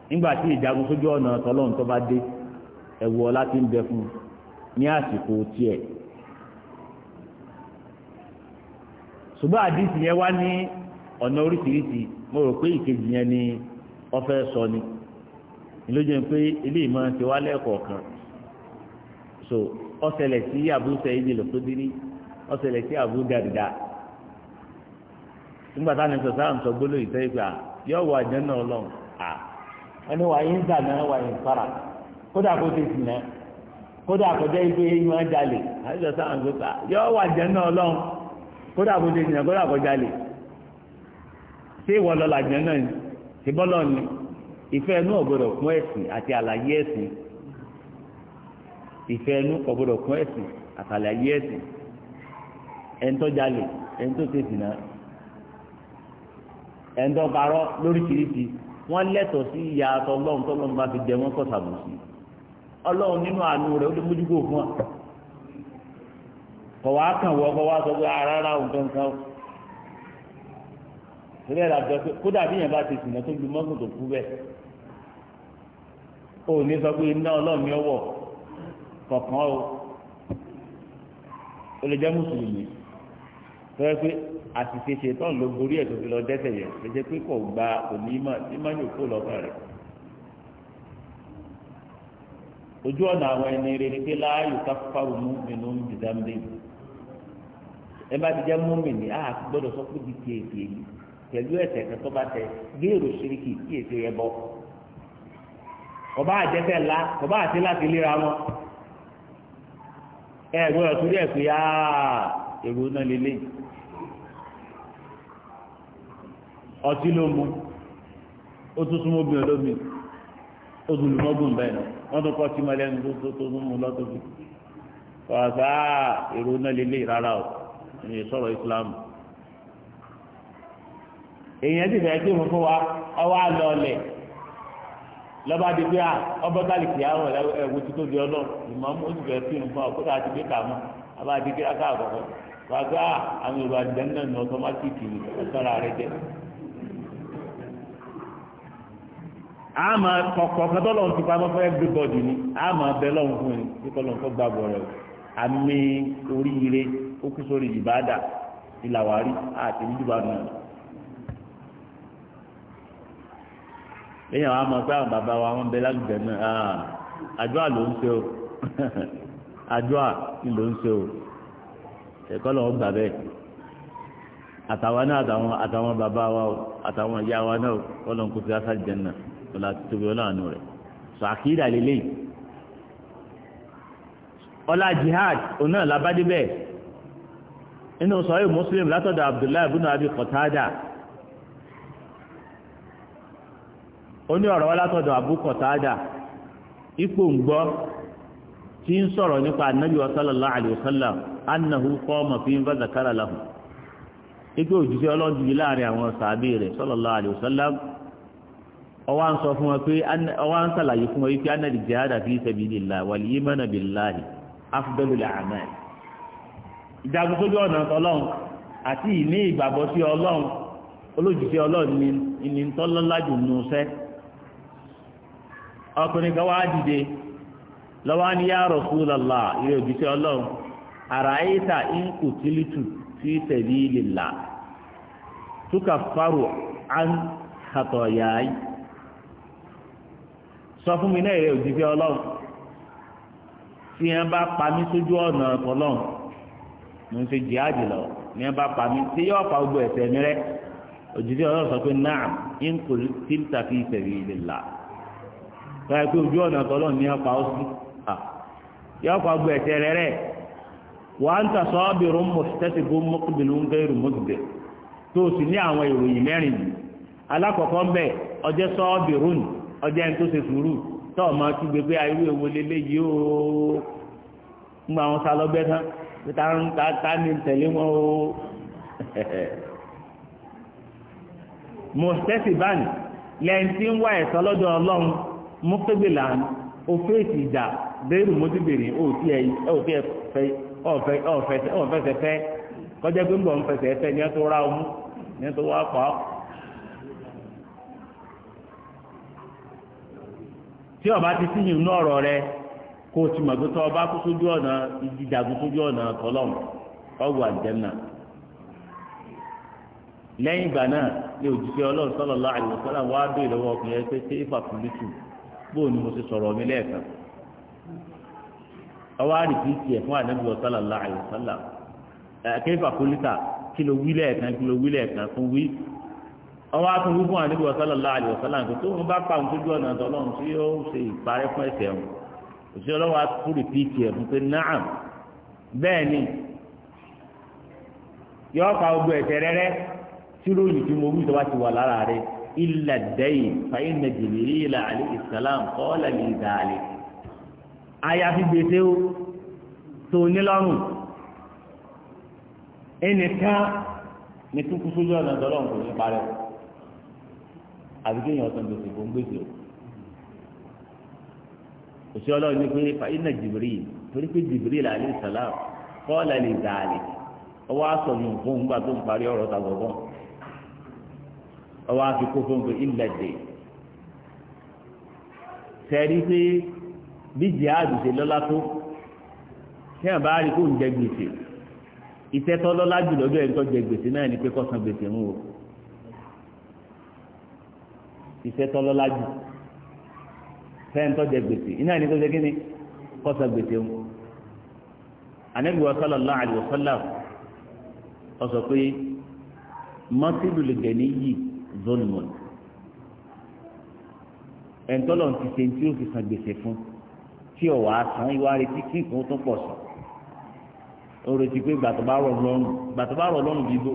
nígbà tí ìjagun sójú ọ̀nà tọ́lọ́run tó bá dé ẹ̀wù ọlá ti ń bẹ fún un ní àsìkò tiẹ̀ ṣùgbọ́n àdìsí yẹn wá ní ọ̀nà oríṣiríṣi mo rò pé ìkejì yẹn ni wọ́n sọ ni ìlójú pé ilé ìmọ̀ ti wá lẹ́ẹ̀kọ̀ọ̀kan so ọ̀sẹ̀lẹ̀ sí àbúṣe ìdí lòkúdírí ọ̀sẹ̀lẹ̀ sí àbúdá dídá nígbà táwọn ẹ̀sọ̀ sáà ń sọ gbólóyìí sẹ́yìn pé à yọ wà jẹ́ náà lọ́wọ́ à ẹni wà yín zà náà wà yín fara kódà kó náà. kódà kọjá ibi ìmọ̀ jalè àìsàn sáà gbèsà yọ wà jẹ́ náà lọ́hùn kódà kọjá ìjìnà kódà kọjá lè ṣé ìwọ lọ làjẹ́ náà ni ṣe bọ́lọ̀ ni ìfẹ́ inú ọ̀gbọ́dọ̀ kún ẹ̀sìn àti àlàyé ẹ̀sìn ìfẹ́ inú ọ̀gbọ́dọ̀ kún ẹ̀sìn àti àlàyé ẹ̀sìn ẹni tó jalè ẹni tó ṣe ìsìnà ẹni tó parọ́ lóríṣiríṣi wọ́n lẹ́tọ̀ọ́ sí ìyá ọlọ́run nínú àánú rẹ̀ ó lè mójúgbò fún ọ kọ̀ wá kàn wọ́ kọ́ wá sọ pé ara ara òun kankan o ìrẹ́ la gbọ́ pé kódà bí yẹn bá ti sìnà tó lu mọ́gùn tó kú bẹ́ẹ̀ o ní sọ pé iná ọlọ́ọ̀mí ọwọ́ kọ̀ọ̀kan o o lè jẹ́ mùsùlùmí fẹ́ẹ́ pé àṣìṣe ṣetán ló gorí ẹ̀ tó fi lọ dẹ́sẹ̀ yẹn lè jẹ́ pé kò gba òní mọ̀ tí yóò kó lọ́kàn rẹ̀ ojú ọ̀nà àwọn ẹni rere pé láàyò káfáwò mú inú ìdíjámbé yìí ẹ bá ti jẹ́ mọ́mìnì á gbọ́dọ̀ sọ pé di kéèké yìí pẹ̀lú ẹ̀sẹ̀ kẹtọ́ bá tẹ géèrò ṣíríkì kí èsè yẹ bọ́ kọba àjẹsẹ̀ ńlá kọba àti láti léra wọn ẹ gbọ́dọ̀ torí ẹ̀ pé á èrò náà lélẹ̀ ọtí ló mu ó tún súnmọ́ obìnrin lómi ó tún lùmọ́gùn bẹ́ẹ̀ náà wọ́n tó kọ́ tí mo lẹ́nu tó tó tó mú lọ́tò bí. kọ̀ọ̀sá èrò náà lélẹ̀ rárá o ní sọ̀rọ̀ Islam. èèyàn ti fẹ́ẹ́ kírun fún wa ọwọ́ àlọ́ ọ̀lẹ̀ lọ́ba di pé ọbọ̀ kálí kìí àwọn ẹ̀wù tí tó di ọlọ́ ìmọ̀ọ́mù ó sì fẹ́ẹ́ kírun fún wa kó tà á ti gbé kà mọ́ ọba àti kíláká àkọ́kọ́ kọ̀ọ̀sá àwọn èrò àdìdẹ́ náà ní ọtọ́mátìkì ọ̀sán àmà kọ̀ọ̀kan tọ́lọ̀ ti pamọ́ fún everybody ni àmà bẹ́ẹ̀ lọ́hùn fún ẹni kí tọ́lọ̀ tó gbàgbọ́ rẹ̀ àmì oríire ó kú sórí ìbáàdà ìlàwárí àti ìdúbà náà. lẹ́yìn àwọn àmọ́ pé àwọn bàbá wa wọ́n bẹ lágbègbè náà àdúrà ló ń ṣe o *laughs* àdúrà ló ń ṣe o ẹ̀kọ́ lọ́wọ́ gbà bẹ́ẹ̀ àtàwọn náà àtàwọn bàbá wa o àtàwọn ìyá wa náà kọ́ ló ń kó náà ọlá tóbi ọlọ́run rẹ̀ sọ àkìdá lélẹ́yìn ọlá jihad oná làbádé bẹ́ẹ̀ inú sọ̀rọ̀ muslim látọ̀dọ̀ abdullahi ibùnú abi kọ̀tádà ó ní ọ̀rọ̀ wá látọ̀dọ̀ abu kọ̀tádà ipò ń gbọ́ tí ń sọ̀rọ̀ nípa anabi sallallahu alayhi wa sallam annahu qama fi ń bá zakara lahu ipò òjijì ọlọ́dún yìí láàrin àwọn sàbí rẹ̀ sallallahu alayhi ọwọ́ ń sọ fún wọn pé ọwọ́ ń sàlàyé fún wọn wípé anadi jihada fi sabilillah wal imana billahi afdalul a'mal ìjagun tó bí ọ̀nà tọ́lọ́hún àti ìní ìgbàgbọ́ sí ọlọ́hún olójúṣe ọlọ́hún ni ní tọ́lọ́lájú nù sẹ́ ọkùnrin kan wá dìde lọ́wọ́ ni ya Rasulullah ilé òjúṣe ọlọ́hún àràyíta in qutilitu fi sabilillah tukaffaru an khatayayi. sọ fún mi náà èrè òjijì ọlọ́run tí yẹn bá pa mí sójú ọ̀nà ọlọ́run mo ń ṣe jihadi lọ ní yẹn bá pa mí tí yóò pa gbogbo ẹ̀ṣẹ̀ mi rẹ́ òjijì ọlọ́run sọ pé náà ń kò tí ń tàfi ìṣẹ̀lẹ̀ ìlẹ̀ là báyìí pé ojú ọ̀nà ọlọ́run ní yẹn pa ó sí yóò pa gbogbo ẹ̀ṣẹ̀ rẹ rẹ́ wàá ń tàṣọ́ ọ́bìnrin mọ̀tẹ́sìgbó mọ́kùnrin ń ọjọ́ ẹni tó ṣe sùúrù tó ọmọ tí gbégbé ayéwé wo lélẹ́yìí ó ń gba wọn sá lọ́gbẹ́ tán níta ń ta ta ní tẹ̀lé wọn ó mọ̀tẹ́sì báni lẹ́yìn tí ń wá ẹ̀sọ́ lọ́dọ̀ ọlọ́run mọ́tẹ́gbèlà òfé ètì ìjà bẹ́ẹ̀rù mọ́tẹ́bìnrin òtí ẹ̀ òtí ẹ̀ fẹ́ ọ̀fẹ́sẹ̀ fẹ́ kọjá pé ń bọ̀ ń fẹsẹ̀ fẹ́ ní ẹ tó rá ọmú ní ẹ tó wá pa ọ́. tí ọba ti síyìn ní ọ̀rọ̀ rẹ kó o ti mọ̀ ọba kú sójú ọ̀nà ìdìjàgùn sójú ọ̀nà kọlọ́m ọ̀wọ̀ àjẹ́nà lẹ́yìn ìgbà náà ni òjíṣẹ́ ọlọ́run sallallahu alaihi wasallam wá bèèrè lọ́wọ́ ọkùnrin ni mo ti sọ̀rọ̀ mi lẹ́ẹ̀kan ọwọ́ fún ànábì kí ọwọ́ akúnwú fún àníbi sallallahu alaihi wasallam tó ń bá pa òǹtójú ọ̀nà ọlọ́run tí ó ṣe ìparẹ́ fún ẹ̀ṣẹ̀ wọn òṣìṣẹ́ ọlọ́wọ́ akúrì píìkì ẹ̀ fún pé náà bẹ́ẹ̀ ni yọ pa ogun ẹ̀ṣẹ̀ rẹ́rẹ́ tí lóyìn tí mo wí ìjọba ti wà lára rẹ̀ illa ad-dayn fa inna Jibril alayhi salam qala li dhalik àyàfi gbèsè ó tó nílọ́rùn ẹnìkan ní túkú ọ̀nà ọlọ́run parẹ́ o àbí kéèyàn ọ̀sán gbèsè kó ń gbèsè o òsì ọlọ́run ní pé fàyínà Jibril torí pé Jibril alayhi salam kọ́ọ̀lá lè dàlẹ́ ọwọ́ àsọ̀nù fún un gbà tó ń parí ọ̀rọ̀ tàbọ̀ bọ́n ọwọ́ àfikún fún un pé ilẹ̀ dè sẹ́rí pé bí jihadu ṣe lọ́lá tó tí wọn bá rí kó ń jẹ gbèsè ìtẹ́tọ́ lọ́lá jùlọ bí ẹni tó jẹ gbèsè náà ni pé kó gbèsè mú o iṣẹ́ tọ́lọ́lá jù fẹ́ǹtọ́ jẹ gbèsè iná ní tó ṣe kíni kọ́sà gbèsè ń. Ànábì sallallahu alaihi wasallam ọ̀sọ̀ pé mọ́sílù lè gẹ̀ ní yìí zolmon ẹ̀ńtọ́lọ̀ ti ṣe tí ó fi san gbèsè fún tí ọ̀wà san ìwà retí kí nǹkan tó pọ̀ sọ ó retí pé gbàtọ̀ bá rọ̀ lọ́rùn gbàtọ̀ bá rọ̀ lọ́rùn bíbó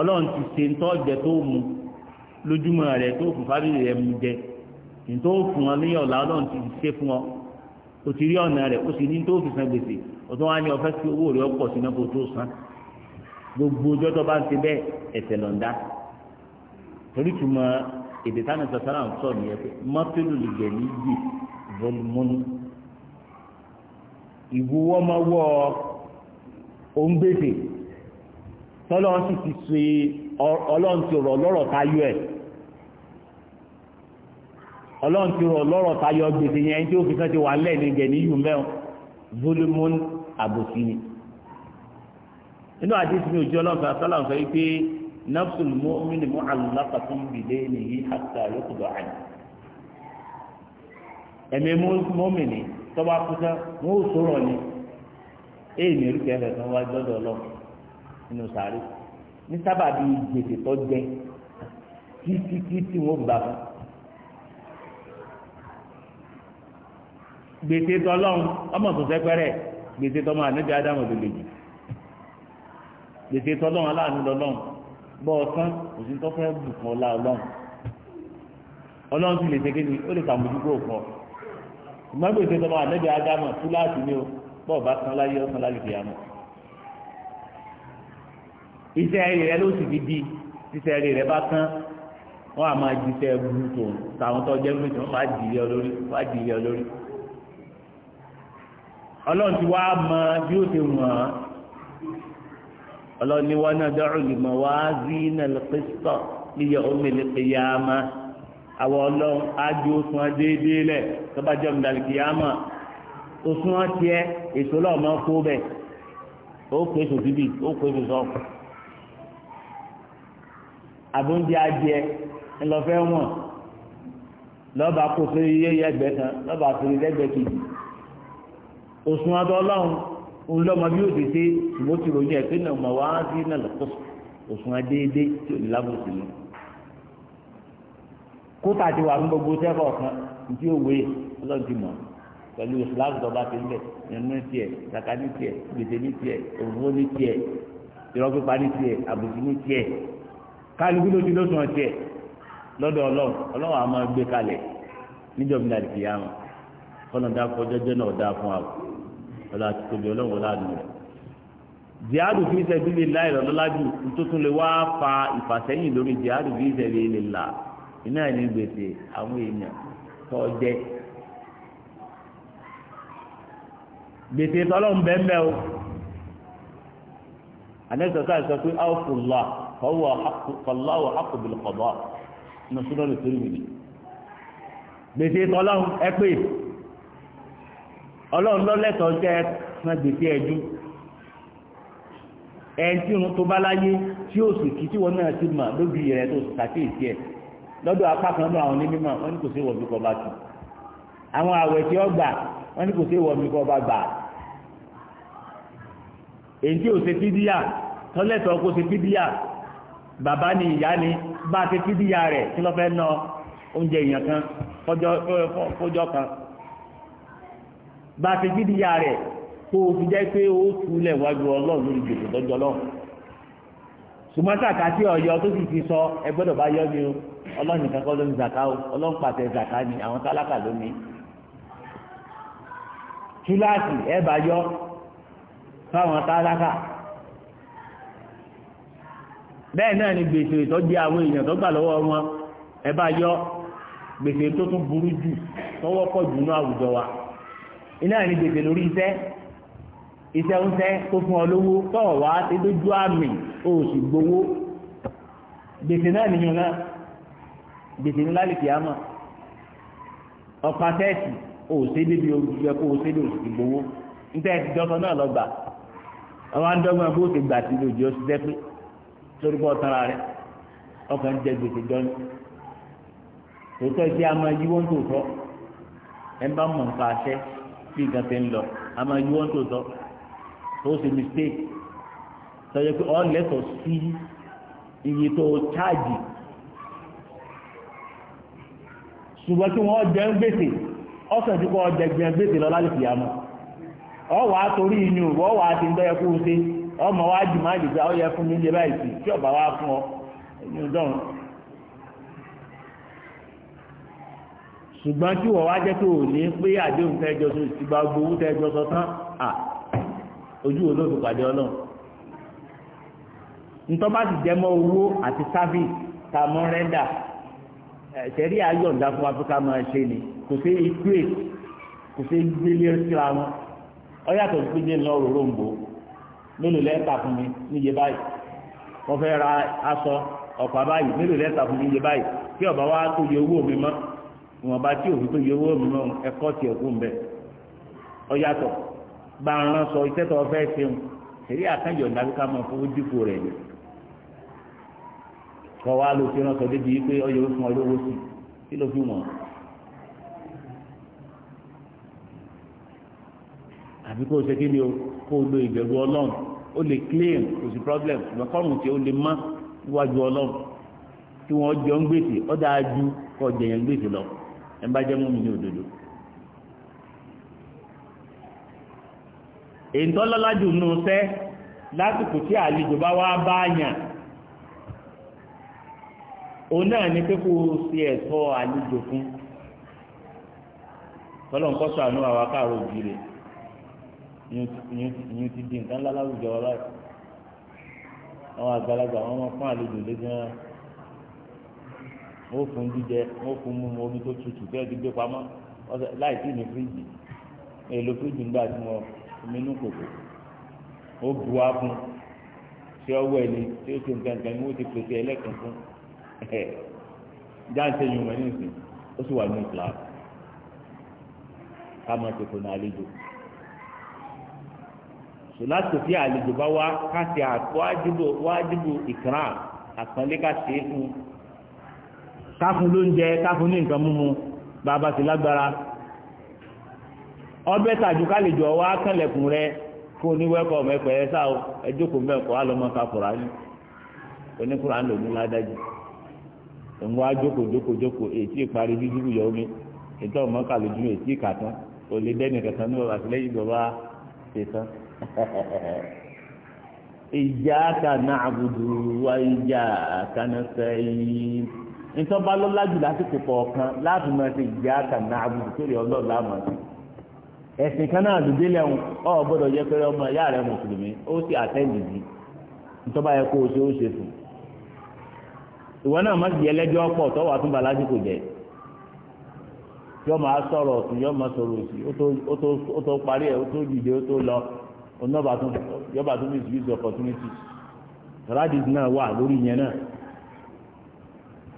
ọlọ́run ti ṣe ń tọ́ jẹ tó mu lójúmọ́ rẹ̀ tó fún fábílì rẹ̀ mú jẹ ní tó fún ọ níyàn ọ̀la ọlọ́run ti ṣe fún ọ o ti rí ọ̀nà rẹ̀ o sì ní tó fi san gbèsè o tó wá ní ọfẹ́ sí owó rẹ̀ ọ̀pọ̀ sí náà kó tó san gbogbo ọjọ́ tó bá ń ṣe bẹ́ẹ̀ ẹ̀sẹ̀ lọ́ndà torí túmọ̀ èdè táwọn ìtọ́ sára sọ nìyẹn pé mọ́tòlù lè jẹ̀ ní yìí bọ́lùmọ́nù ìwúwọ́ máa wọ́ òǹgbèsè tọ́lọ́run sì ti ṣe ọlọ́run ti rọ̀ lọ́rọ̀ tá yọ ẹ̀ ọlọ́run ti rọ̀ lọ́rọ̀ tayọ gbèsè yẹn tí ó fi kán ti wà lẹ́ẹ̀ni gẹ̀ẹ́ni yù mẹ́wọ̀n volumun àbòsí ni inú àdéhùn mi ò jẹ́ ọlọ́run fún asálàm sọ wípé nafsul mu'min mu'allaqatun bilaynihi hatta yuqda anhu ẹ̀mí mọ́mí ni tọ́ba kúta wọ́n ò sọ̀rọ̀ ni èyí ni orúkẹ́ rẹ̀ tó wá gbọ́dọ̀ lọ nínú sàárè ní sábàbí gbèsè tó jẹ títí títí wọ́n gbà fún gbèsè tọlọ́run ọmọ tó sẹ́pẹ́rẹ́ gbèsè tọmọ ànábì ádámù tó lè jù gbèsè tọlọ́run aláàánú lọ́lọ́run bọ́ ọ̀sán òsì tó fẹ́ bùkún ọlá ọlọ́run ọlọ́run sì lè ṣe kí ni ó lè sàmójúkú òkọ ṣùgbọ́n gbèsè tọmọ ànábì ádámù túláàsì ni ó bọ́ ọba san láyé ọ̀sán lálùkì àmọ́ iṣẹ́ ẹ̀rí rẹ ló sì fi di iṣẹ́ ẹ̀rí rẹ bá tán wọ́n á máa di iṣẹ́ ẹ̀rú tó táwọn tó jẹ́ mẹ́tọ́ wọ́n á di ilé olórí wọ́n á di ilé olórí ọlọ́run ti wá mọ bí ó ti wọ̀n ọlọ́run ni wọ́n náà dọ́rùn lè mọ̀ wá sí iná lọ́pẹ́sítọ̀ níyẹ omi lè pe ya ma àwọn ọlọ́run ájú oṣù wọn déédéé lẹ̀ tó bá jẹ́ ọ̀nà lè ya ma oṣù wọn tiẹ̀ èso lọ́ọ̀ máa kó bẹ̀ ó pè é sòsíbì ó pè é sòsọ́ọ̀kù àbóúnjẹ adìẹ ńlọfẹ́ wọn lọ́ba kò sórí yẹ́yẹ́ ẹgbẹ́ kan lọ́ba kò sórí lẹ́gbẹ́ kejì òsùn adọ́ ọlọ́run òun lọ́mọ bí òde ṣe ṣùgbọ́n ti ròyìn ẹ̀ pé náà mọ̀ wá sí náà lọ́kọ̀ọ̀sù òsùn adéédé tí ò ní lábòsí ni. kóta ti wà ní gbogbo sẹ́kọ̀ọ́ kan tí ó wé ọlọ́run ti mọ̀ pẹ̀lú ìsìláàmù tó bá ti ń bẹ̀ nínú tiẹ̀ kàkà ní tiẹ̀ gbèsè ní tiẹ̀ òwò ní tiẹ̀ irọ́ pípa ní tiẹ̀ àbùsí ní tiẹ̀ kálukú ló ti lóṣùwọ̀n tiẹ̀ lọ́dọ̀ ọlọ́run ọlọ́run àmọ́ gbé kalẹ̀ níjọba ìdàdìyà wọn kọ́nà dáa fọjọ́jọ́ náà dáa fún àwọn ọlá àti tóbi ọlọ́run ọlá àdùn rẹ̀ jihadu fi sabilillah ìrọ̀lọ́lájú tuntun lè wá fa ìfàsẹ́yìn lórí jihadu fi sabilillah iná ní gbèsè àwọn èèyàn tó jẹ gbèsè tọ́lọ́run bẹ́ẹ̀ o anẹ́sọ̀ká sọ pé awùfùlà kọ́wọ́ kọ́láwọ́ akọ̀bìlì kọ̀bọ́ ní sọ́dọ̀ lè torí gbèsè tọ́lọ́run ẹ pé ọlọ́run lọ́lẹ́tọ̀ jẹ́ ẹ̀kan gbèsè ẹ̀dú ẹ̀ẹ́n tí òun tó bá láyé tí ó sì kí tí wọn náà ti mà lóbi rẹ̀ tó sì kàkíyèsí ẹ̀ lọ́dọ̀ apá kan náà àwọn onímọ̀ wọn ní kò sí wọ̀bí kọ́ bá tù àwọn àwẹ̀ tí ó gbà wọn ní kò sí wọ̀bí kọ́ bá gbà èyí tí ò ṣe fídíà tọ́lẹ̀tọ̀ kó ṣe fídíà bàbá ni ìyá ni bá ṣe fídíà rẹ̀ tí lọ́ fẹ́ ná oúnjẹ èèyàn kan fọ́jọ́ kan bá a ti gídíyà rẹ̀ kó o fi jẹ́ pé ó túlẹ̀ wájú ọlọ́run lórí gbèsè lọ́jọ́ náà ṣùgbọ́n kàkà tí tó sì fi sọ ẹ bá yọ́ mi o ọlọ́run nìkan kọ́ ló zaka o ọlọ́run pàtẹ zaka ni àwọn tálákà ló ní túláàsì ẹ bá yọ fáwọn tálákà bẹ́ẹ̀ náà ni gbèsè tó jẹ àwọn èèyàn tó gbà lọ́wọ́ wọn ẹ bá yọ gbèsè tó tún burú jù tọwọ́ pọ̀ jù ní àwùjọ wa iná ní gbèsè lórí iṣẹ́ iṣẹ́ oúnjẹ tó fún ọ lówó tọ́wọ̀ wá ti dójú àmì oṣù gbowó gbèsè náà nìyẹn náà gbèsè ní lálẹ́ kìámà ọ̀pá tẹ́ẹ̀tì òṣè débi oṣù ẹ̀kọ́ òṣè débi oṣù gbowó níta ẹ̀sìn dọ́kọ náà lọ gbà àwọn adọ́gbọ́n bó ti gbà sí lòdì oṣù tẹ́ pé torí bọ́ tara rẹ ọkàn jẹ gbèsè dọ́ni tòótọ́ ìṣe àmọ́ yíwọ́n tòótọ́ ẹ bá mọ̀ nǹkan àṣẹ bí nǹkan ṣe ń lọ a máa yíwọ́n tó sọ tó ṣe mistake sọ̀rọ̀ pé ọ́n lẹ́tọ̀ sí iye tó ṣáàjì ṣùgbọ́n tí wọ́n jẹ́ ń gbèsè ọ̀sán tí kò jẹ̀gbẹ̀ gbèsè lọ láti fìyà mọ́ ọ̀wà torí inú ti ń dọ́yẹ ọmọ wa jù má ó yẹ fún mi báyìí sí tí wa fún ọ ṣùgbọ́n tí wọ́n wá jẹ́ tó ní pé àdéhùn tẹ́jọ tó ti gba gbowó tẹ́jọ sọ tán à ojú wo ló fi pàdé ọlọ́run ti jẹ́ mọ́ owó àti sáfíìsì ta mọ́ rẹ́ńdà ẹ̀sẹ̀rí ayọ̀ǹda fún afirika máa ṣe ni kò sí ìgbé kò sí ìgbélé ìwọ̀nba tí òfin tó yẹ owó mi náà ẹ̀kọ́ tiẹ̀ kú ń bẹ̀ ọ yàtọ̀ gba ọ̀ràn sọ iṣẹ́ tó fẹ́ ṣeun ṣèlú àkànjọ ìdájọ́ ká máa fowó dípò rẹ̀ ni kọ́ wa ló fi ránṣọ débi pé ọ yẹ fún ọ lówó sí kí ló fi mọ̀ àbí kó o ṣe kí ni o kó o lo ìbẹ̀rù ọlọ́run ó lè claim kò sí problem ṣùgbọ́n kọ́ọ̀mù tí ó lè má wájú ọlọ́run tí wọ́n jọ ń gbèsè ó dáa ju kọ́ jẹ̀yàn gbèsè lọ. ẹ̀ ń bá jẹ́ mùmínì òdodo. jù lásìkò tí àlejò bá wá bá yàn náà ni pé kó ẹ̀tọ́ àlejò fún fọlọ́n kọ́ sànú àwa káàró òjìrè ìyún ti di nǹkan ọlọ́run àwọn àgbàlagbà wọn máa fún àlejò wọ́n fún jíjẹ wọ́n fún mímu omi tó tutù bẹ́ẹ̀ ti gbé pamọ́ láì sí ní fíríjì èlò fíríjì nígbà tí wọ́n omi inú kòkò ó bu wá fún ṣé ọwọ́ ẹni tí ó ṣe nǹkan kan ni wọ́n ti pèsè ẹlẹ́kùn fún jáǹtẹ̀ yìí wọ́n ní ìsìn ó sì wà ní ìlànà ká máa tètè ní àlejò sùlátò tí àlejò bá wá ká ti àtúwájúbò wájúbò ìkran àpọ́nlé ká ṣe é fún káfún lóúnjẹ káfún ní nǹkan mímu bàbá sì lágbára ọbẹ̀ tàjú ká lè jọ wá kànlẹ̀kùn rẹ kó o ní wẹ́kọ̀ ọmọ ẹ̀pẹ̀ ẹ̀ sáà ẹjókòó mẹ́kọ̀ọ́ alọ́mọ ká Kùránì oníkùrà ń lò ládájú ìwọ́n ajókòó jókòó jókòó èyí ìparí bíbí yọ omi ètò ọmọ kàlójú èyí ìkàtán olè dẹ́nu kẹsàn-án ní bàbá àtìlẹ́yìn bàbá ṣetán ìjà kanáà àbùdù ìjà kanáà nítorí bá lọ́la lásìkò kọ̀ọ̀kan láti máa ṣe ìyá àtàná àbùkù kéré ọlọ́run láàmú ẹ̀sìn kan náà ló délẹ̀ ń gbọ́dọ̀ pé ọmọ ìyá rẹ̀ mùsùlùmí ó sì o ṣe ó ṣe fún ìwọ náà má di lásìkò yọ máa sọ̀rọ̀ yọ máa sọ̀rọ̀ ó tó parí ẹ̀ ó tó dìde ó tó lọ tó bí náà wà lórí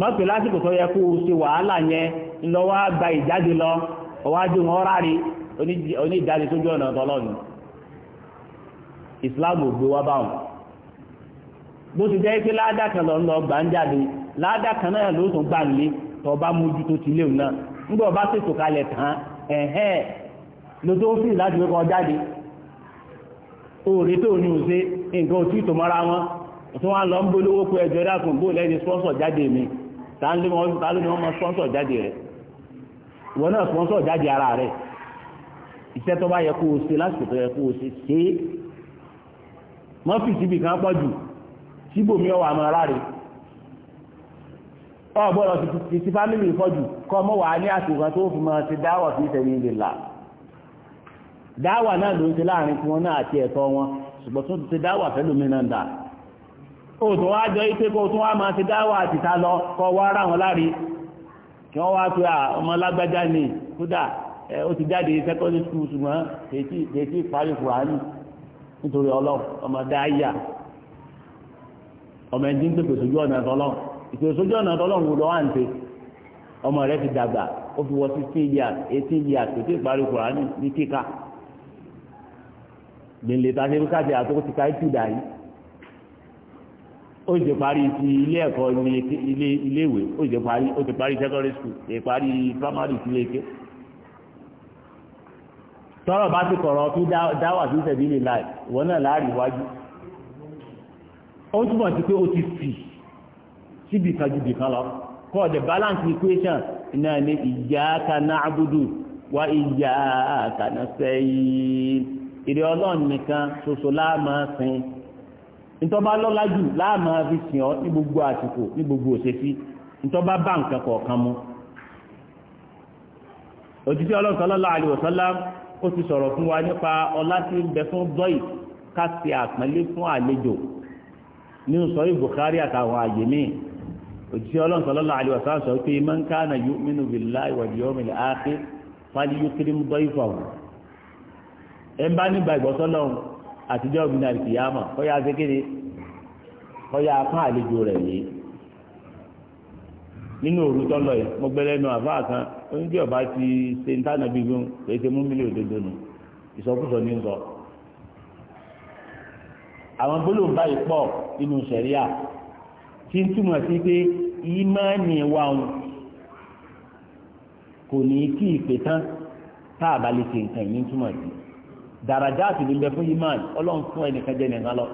mọ́tò lásìkò tó yẹ kó o ṣe wàhálà yẹn lọ́wọ́ gba ìjáde lọ ọwọ́ adé wọn ráre onídàáde ọ̀nà ọ̀tọ̀lọ́nù ìsìláàmù ò gbé wá báwọn bó ti jẹ́ pé ládà kan lọ ń lọ gbà ń jáde ládà kan náà ló tún gbà nílé tó bá mójú tó ti léwu náà ọba ṣètò kalẹ̀ tán ẹ̀hẹ́n ló tó ń fi jáde tó ní nǹkan wọn lọ ń ta ló ní wọ́n mọ sponsor jáde rẹ̀ ìwọ náà sponsor jáde ara rẹ̀ iṣẹ́ tó bá yẹ kó o ṣe lásìkò tó yẹ kó o ṣe ṣe é mọ́fì síbi kan pọ̀ jù síbòmí ọwọ́ àmọ́ ara rẹ̀ ọ gbọ́dọ̀ ti ti fámìlì ìfọ́jù kọ́ mọ́ wà ní àsìkò tó fi máa ti dáwà fi tẹ̀lé ilé là dáwà náà ló ń ṣe láàrin tiwọn náà àti ẹ̀tọ́ wọn ṣùgbọ́n tó ti dáwà fẹ́lómi náà dáa o tún wá jọ ipe tó wá máa ti dáwà àtìta lọ kọ wá ara wọn láre kí wọ́n wá pé ọmọ lágbájá ni kódà ó ti jáde secondary school ṣùgbọ́n kèétí parí kùránì nítorí ọlọ́run ọmọ dáyà ọmọ ẹni tí sójú ti dàgbà ó fi kùránì ní kíkà tàbí àtúkò ti ká ó ti parí ti ilé ẹ̀kọ́ ilé ìwé ó ti parí ó ti parí secondary school ó ti parí primary ti ilé ike tọrọ bá ti kọ̀rọ̀ fi dáwà sí ìṣẹ̀bílì láì wọ́n náà láàrin iwájú ó túnbọ̀ sí pé ó ti fì síbi kan ju bìkan lọ kọ́ the balance equation náà ni iyyaka abudu wa iyyaka nasta'in ìrẹ́ ọlọ́run nìkan ṣoṣo la máa sìn ntọ́ba lọ́la jù láàmú fi sìn ọ́ ní gbogbo àsìkò ní gbogbo òṣèṣì ntọ́ba bá nǹkan kọ̀ọ̀kan mu. òjijì ọlọ́run sallallahu alaihi wasallam ó ti sọ̀rọ̀ fún wa nípa ọlá tí ń bẹ fún dọ́ì ká ṣe àpọ́nlé fún àlejò nínú sọ́yìn Bukhari àtàwọn àyè míì òjijì ọlọ́run sallallahu alaihi wasallam sọ pé man kana yu'minu billahi wal yawmil akhir falyukrim dayfahu àtijọ́ ìgbìnà ìkìyàmọ̀ kọ́yà akékeré kọ́yà apá àlejò rẹ̀ yìí nínú òru tó lọ yìí mo gbẹlẹ́ nu àfáà kan oníbi ọba ti ṣe ń tànà bíi gbóhùn kìí ṣe mú mílíọ̀nù òdodo nù ìsọkúsọ ní sọ. àwọn gbólóhùn báyìí pọ̀ nínú sẹ̀ríà tí ń túmọ̀ sí pé ìmọ̀ọ́nì wa ń kò ní kí ìpè tán tá a bá lè ṣe nǹkan yìí túmọ̀ sí dàrájà àti níbẹ̀ fún imán ọlọ́run fún ẹnìkan jẹ́ nìkan lọ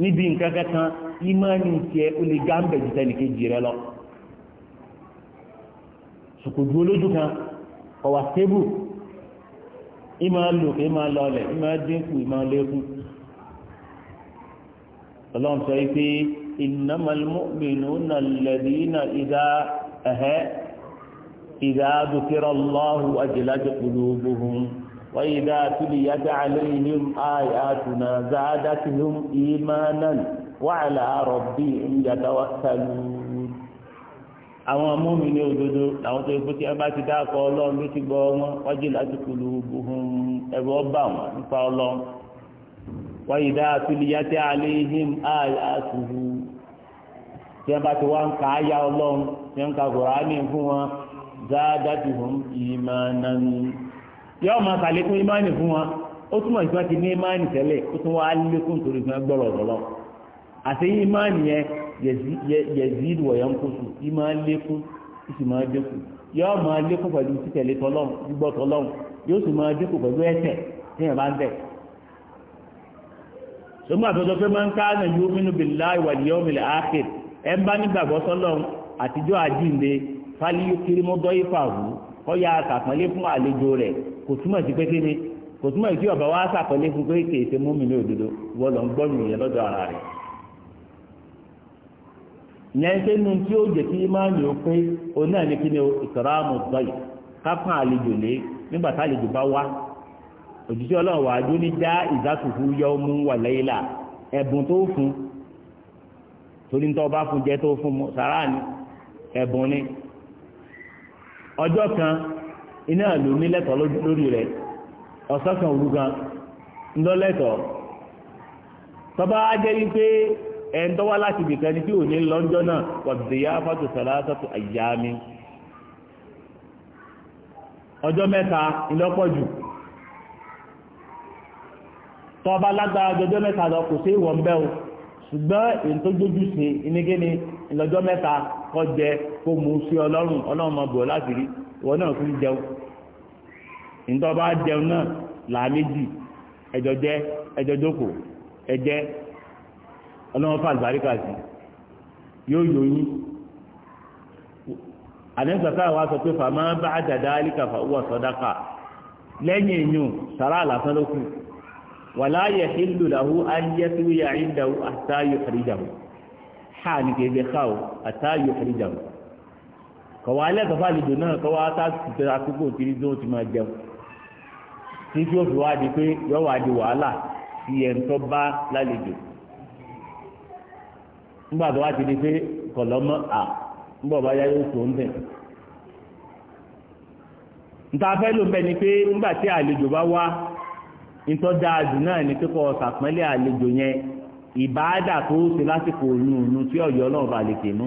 níbi nǹkan kankan imán tiẹ̀ ó lè gá ń bẹ̀ jù tẹnìkejì rẹ lọ sùkùdù olójú kan ọ̀wà stable imán lòkè imán lọlẹ̀ imán dínkù imán lékún ọlọ́run sọ yìí pé innamal mu'minuna alladhina idha ẹ̀hẹ́ idha dhukira Allahu wajilat qulubuhum. وإذا تليت عليهم آياتنا زادتهم إيمانا وعلى ربهم يتوكلون àwọn mọ́mí ní òdodo làwọn tó ikú tí wọ́n bá ti dákọ̀ ọlọ́run ló ti gbọ́ wọn wájú láti kulu buhun ẹ̀rọ ọba wọn nípa ọlọ́run wáyé dáa tuli yàtẹ̀ aléhìm àyàtúhù tí wọ́n bá ti wá ń ka àyà ọlọ́run tí wọ́n ń ka kùránì fún wọn ìmọ̀ yóò máa sàlékún ìmáànì fún wọn ó túmọ̀ ìfún wọn ti ní ìmáànì tẹ́lẹ̀ ó tún wá lékún torí fún wọn gbọ́rọ̀ lọ́lọ́ àti ìmáànì yẹn yẹ̀zí ìwọ̀yọ̀ ń kóso ìmáà lékún ìsì máa dínkù yóò máa lékún pẹ̀lú títẹ̀lé tọlọ́hun gbígbọ́ tọlọ́hun yóò sì máa dínkù pẹ̀lú ẹ̀ṣẹ̀ tí yẹn bá ń bẹ̀. sọmọ àtọ́jọ́ pé máa ń ká ànà yóò mínú billahi wal yawmil akhir ẹ̀ ń bá nígbàgbọ́ sọlọ́hun àtijọ́ àjíǹde fáliyókiri mọ́dọ́ ìfàwù kọ́ ya àtàpọ́nlé fún àlejò rẹ̀ kò túmọ̀ sí pé kíni kò túmọ̀ sí wa sàkọlé fún pé kì í ṣe múmi ní òdodo wọ́n lọ ń gbọ́ nìyẹn lọ́dọ̀ ara rẹ̀ ṣe nu tí ó kí máa ń lò pé òun náà ní ìkàràmù wá òjijì ọlọ́run wà á dún ní ìdásùfù yọ ọmú wà lẹ́yìn là ẹ̀bùn tó fún torí ni ẹ̀bùn ni ọjọ́ kan iná ló ní lẹ́tọ̀ lórí rẹ̀ ọ̀sọ́sàn òrukàn ńlọ́lẹ́tọ̀ tọ́ba ajẹ́ wípé ẹ̀ ń tọ́wá láti bìkan ní tí ò ní lọ́jọ́ náà wàbìdìyà fàtò sàlásàtò àyà mi ọjọ́ mẹ́ta ńlọ́pọ̀jù tọ́ba lágbára jọjọ́ mẹ́ta lọ kò sí ìwọ̀n bẹ́ẹ̀ o ṣùgbọ́n èyí tó gbójú sí inigéni ńlọ́jọ́ mẹ́ta kọjẹ kó mú sí ọlọ́run ọlọ́run mọ̀ láti rí wọn náà fún jẹun nítorí bá jẹun náà làá méjì ẹjọ jẹ ẹjọ jókòó ẹjẹ ọlọ́wọ́n fún àlùbáríkà sí yóò yòóyìn àdéhùnsàtà wa sọ pé fàmà bá àjàdá àlìkà fàwọ́ sọ́dáka lẹ́yìn èèyàn sàrà àlàsán ló kù wàlá yẹ hìlù làwù ayẹ́tú yà ń dàwù àtàyò àríjàmù ha ní kéde káwò àtàyò àríjàmù kọ̀wá ẹlẹ́tọ̀ fàlejò náà kọ́wá sáàtì tẹ àkókò tí ní tó ti máa jẹun tí tí ó fi wá di pé yọ wá di wàhálà tí ẹ̀ ń tọ́ bá lálejò nígbà tó wá ti di pé kọ̀lọ́mọ́ à nígbà bá yá yóò tó ń bẹ̀. níta fẹ́ ló ń bẹ ni pé nígbà tí àlejò bá wá nítọ́ dáa jù náà ni pé kọ́ sàpẹ́lẹ̀ àlejò yẹn ìbáàdà tó ṣe lásìkò òun òun tí ọ̀yọ́ náà balẹ̀ kè mú. No?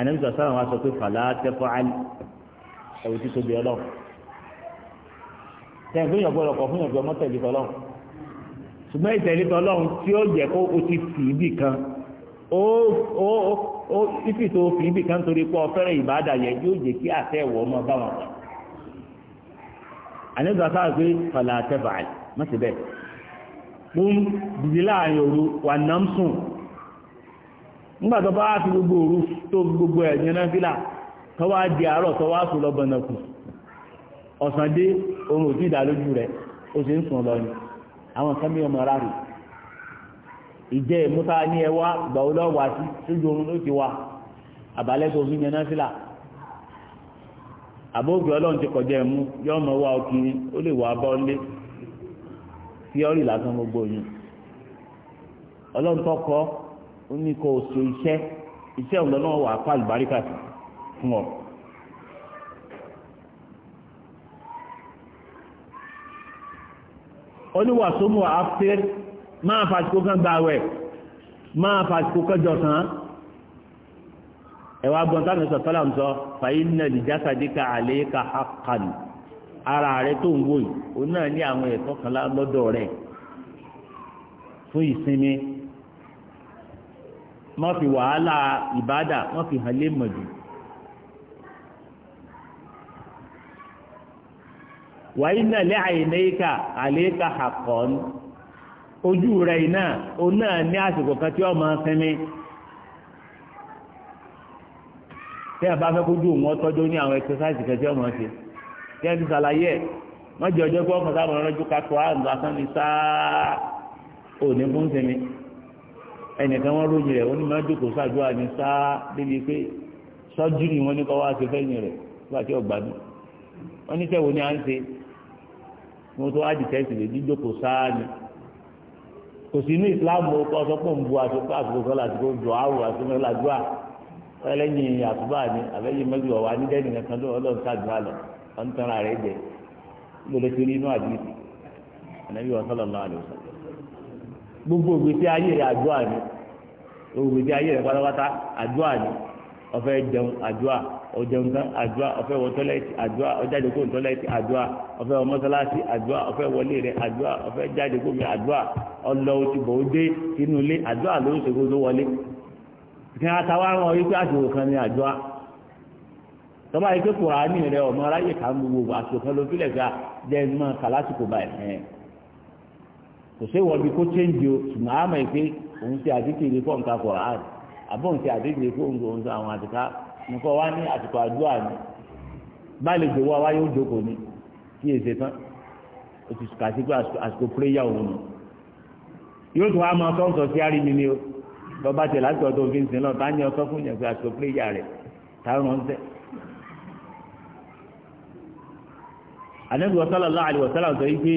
ànẹ́bí sọ̀rọ̀ wa sọ pé fàlà tẹ́fọ́ àlì ẹ̀wù tí tóbi ọlọ́run tẹ̀ fún yàn gbọ́dọ̀ kọ̀ fún yàn gbọ́dọ̀ mọ́tẹ̀lẹ́ tọ́lọ́run ṣùgbọ́n ìtẹ̀lé tọ́lọ́run tí ó jẹ́ kó o ti fi ibì kan ó ó ó ifi tó fi ibì kan torí pé ọ̀fẹ́rẹ́ ìbáàdà yẹn yóò jẹ́ kí àtẹ ẹ̀wọ̀ ọmọ bá wọn. ànẹ́bí sọ̀rọ̀ pé fàlà tẹ́fọ́ àlì mọ́tẹ̀ bẹ́ẹ̀ nígbà tó bá fi gbogbo òru tó gbogbo ẹ̀yìn náà fílà tó wá di àárọ̀ tó wá sùn lọ bọ̀nàkù ọ̀sán dé oorun ò tí ì dá lójú rẹ̀ ó sì ń sùn lọ ni àwọn kan bí ọmọ ara rẹ̀ ìjẹ́ ìmúta ní ẹ wá ìgbà wo lọ́wọ́ sójú oorun ló ti wá àbálẹ́ tó fi yẹn náà fílà àbóògbé ọlọ́run ti kọjá ẹ̀mú yọ ọmọ wa ọkùnrin ó lè wà bọ́ lé fíọ́rì lásán gbogbo yìí ọlọ́run tó ó ní kó o ṣe iṣẹ́ iṣẹ́ ọ̀lọ́ náà wà pa àlùbáríkà fún ọ. oníwàsómù àfẹ́ máa fàṣikó kan gba awẹ̀ máa fàṣikó kan jọ kan ẹ̀wà gbọ̀ntàn ní sọ̀tọ́là ń sọ fàyín náà lè jása díka àlẹ́ ka hakan ara rẹ tó ń wò yìí náà ní àwọn ẹ̀tọ́ kan lọ́dọ̀ rẹ̀ fún ìsinmi má fi wàhálà ìbádà má fi hàn lé mọ̀jù. wàyí náà lé àyìnlé ika àléka àkọ́ọ́nù ojú rẹ̀ iná òun náà ní àsìkò kan tí ọmọ sinmi tí a bá fẹ́ kójú òun ọtọ́jú ní àwọn ẹ̀sẹ̀sáìsì kan tí ọmọ ṣe tí a ti ṣàlàyé wọ́n jẹ́ ọjọ́ pé ọkàn sábà lọ́jọ́ kakọ́ àǹgbà sanni sáà òní fún sinmi ẹnìkan wọ́n ròyìn rẹ̀ onímọ̀ ẹ̀dùkú ṣàdúrà ní sáà débi pé sọ́júrì wọn ní kọ́ wá ṣe fẹ́yìn rẹ̀ nígbà tí ọgbà dùn wọ́n ní sẹ́wọ̀n ní à ń ṣe mo tó á dìtẹ́ sílẹ̀ dídókò sáà ni kò sí inú ìsìláàmù ọkọ̀ sọ pé ń bu àtúkọ̀ àtúkọ̀ sọ́la àtúkọ̀ jọ àrùn àtúkọ̀ làdúrà ẹlẹ́yìn àtúbà ni àbẹ́yìn mẹ́jọ wà ní dẹ́nu nìkan tó ọlọ́run ṣàdúrà lọ wọ́n ń tanra rẹ̀ jẹ lórí torí gbogbo ìgbésí ayé rẹ̀ àdúrà ni gbogbo ìgbésí ayé rẹ̀ pátápátá àdúrà ni ọ̀fẹ́ jẹun àdúrà ọjẹun tán àdúrà ọ̀fẹ́ wọ tọ́lẹ́tì adua, ọjáde kó adua, àdúrà ọ̀fẹ́ wọ mọ́sálásí adua, ọ̀fẹ́ wọlé rẹ̀ adua, ọ̀fẹ́ jáde kó mi àdúrà ọlọ ti bọ̀ ó dé inú ilé àdúrà ló ń ṣègbè tó wọlé kí n ata wá rán ọ wípé àsìkò kan ní àdúrà tọ́ba yìí pé kùránì rẹ ọmọ aráyè kan gbogbo àsìkò kan ló fi lẹ̀ gbà jẹ́ ẹ̀ kò sí wọ́n bí kó change o ṣùgbọ́n àmọ́ ẹ pé òun ti àdékèrè fún nǹkan kọ̀ áàdì àbọ̀ òun ti àdékèrè fún òun sọ àwọn àtìká nǹkan wá ní àtìkọ àdúrà ni bá lè gbowó àwa yóò jókòó ni kí èsè tán o ti kà sí pé àsìkò péréyà òun ni yóò tún wá máa sọ́ǹsọ̀ sí àríyìn ni o bàbá tẹ̀ láti ọ̀dọ̀ fi ń sin náà bá ní ọsọ fún yẹn pé àsìkò péréyà rẹ̀ táwọn ń tẹ̀. àdébùwọ̀sálà láàlú wọ̀sálà sọ yìí pé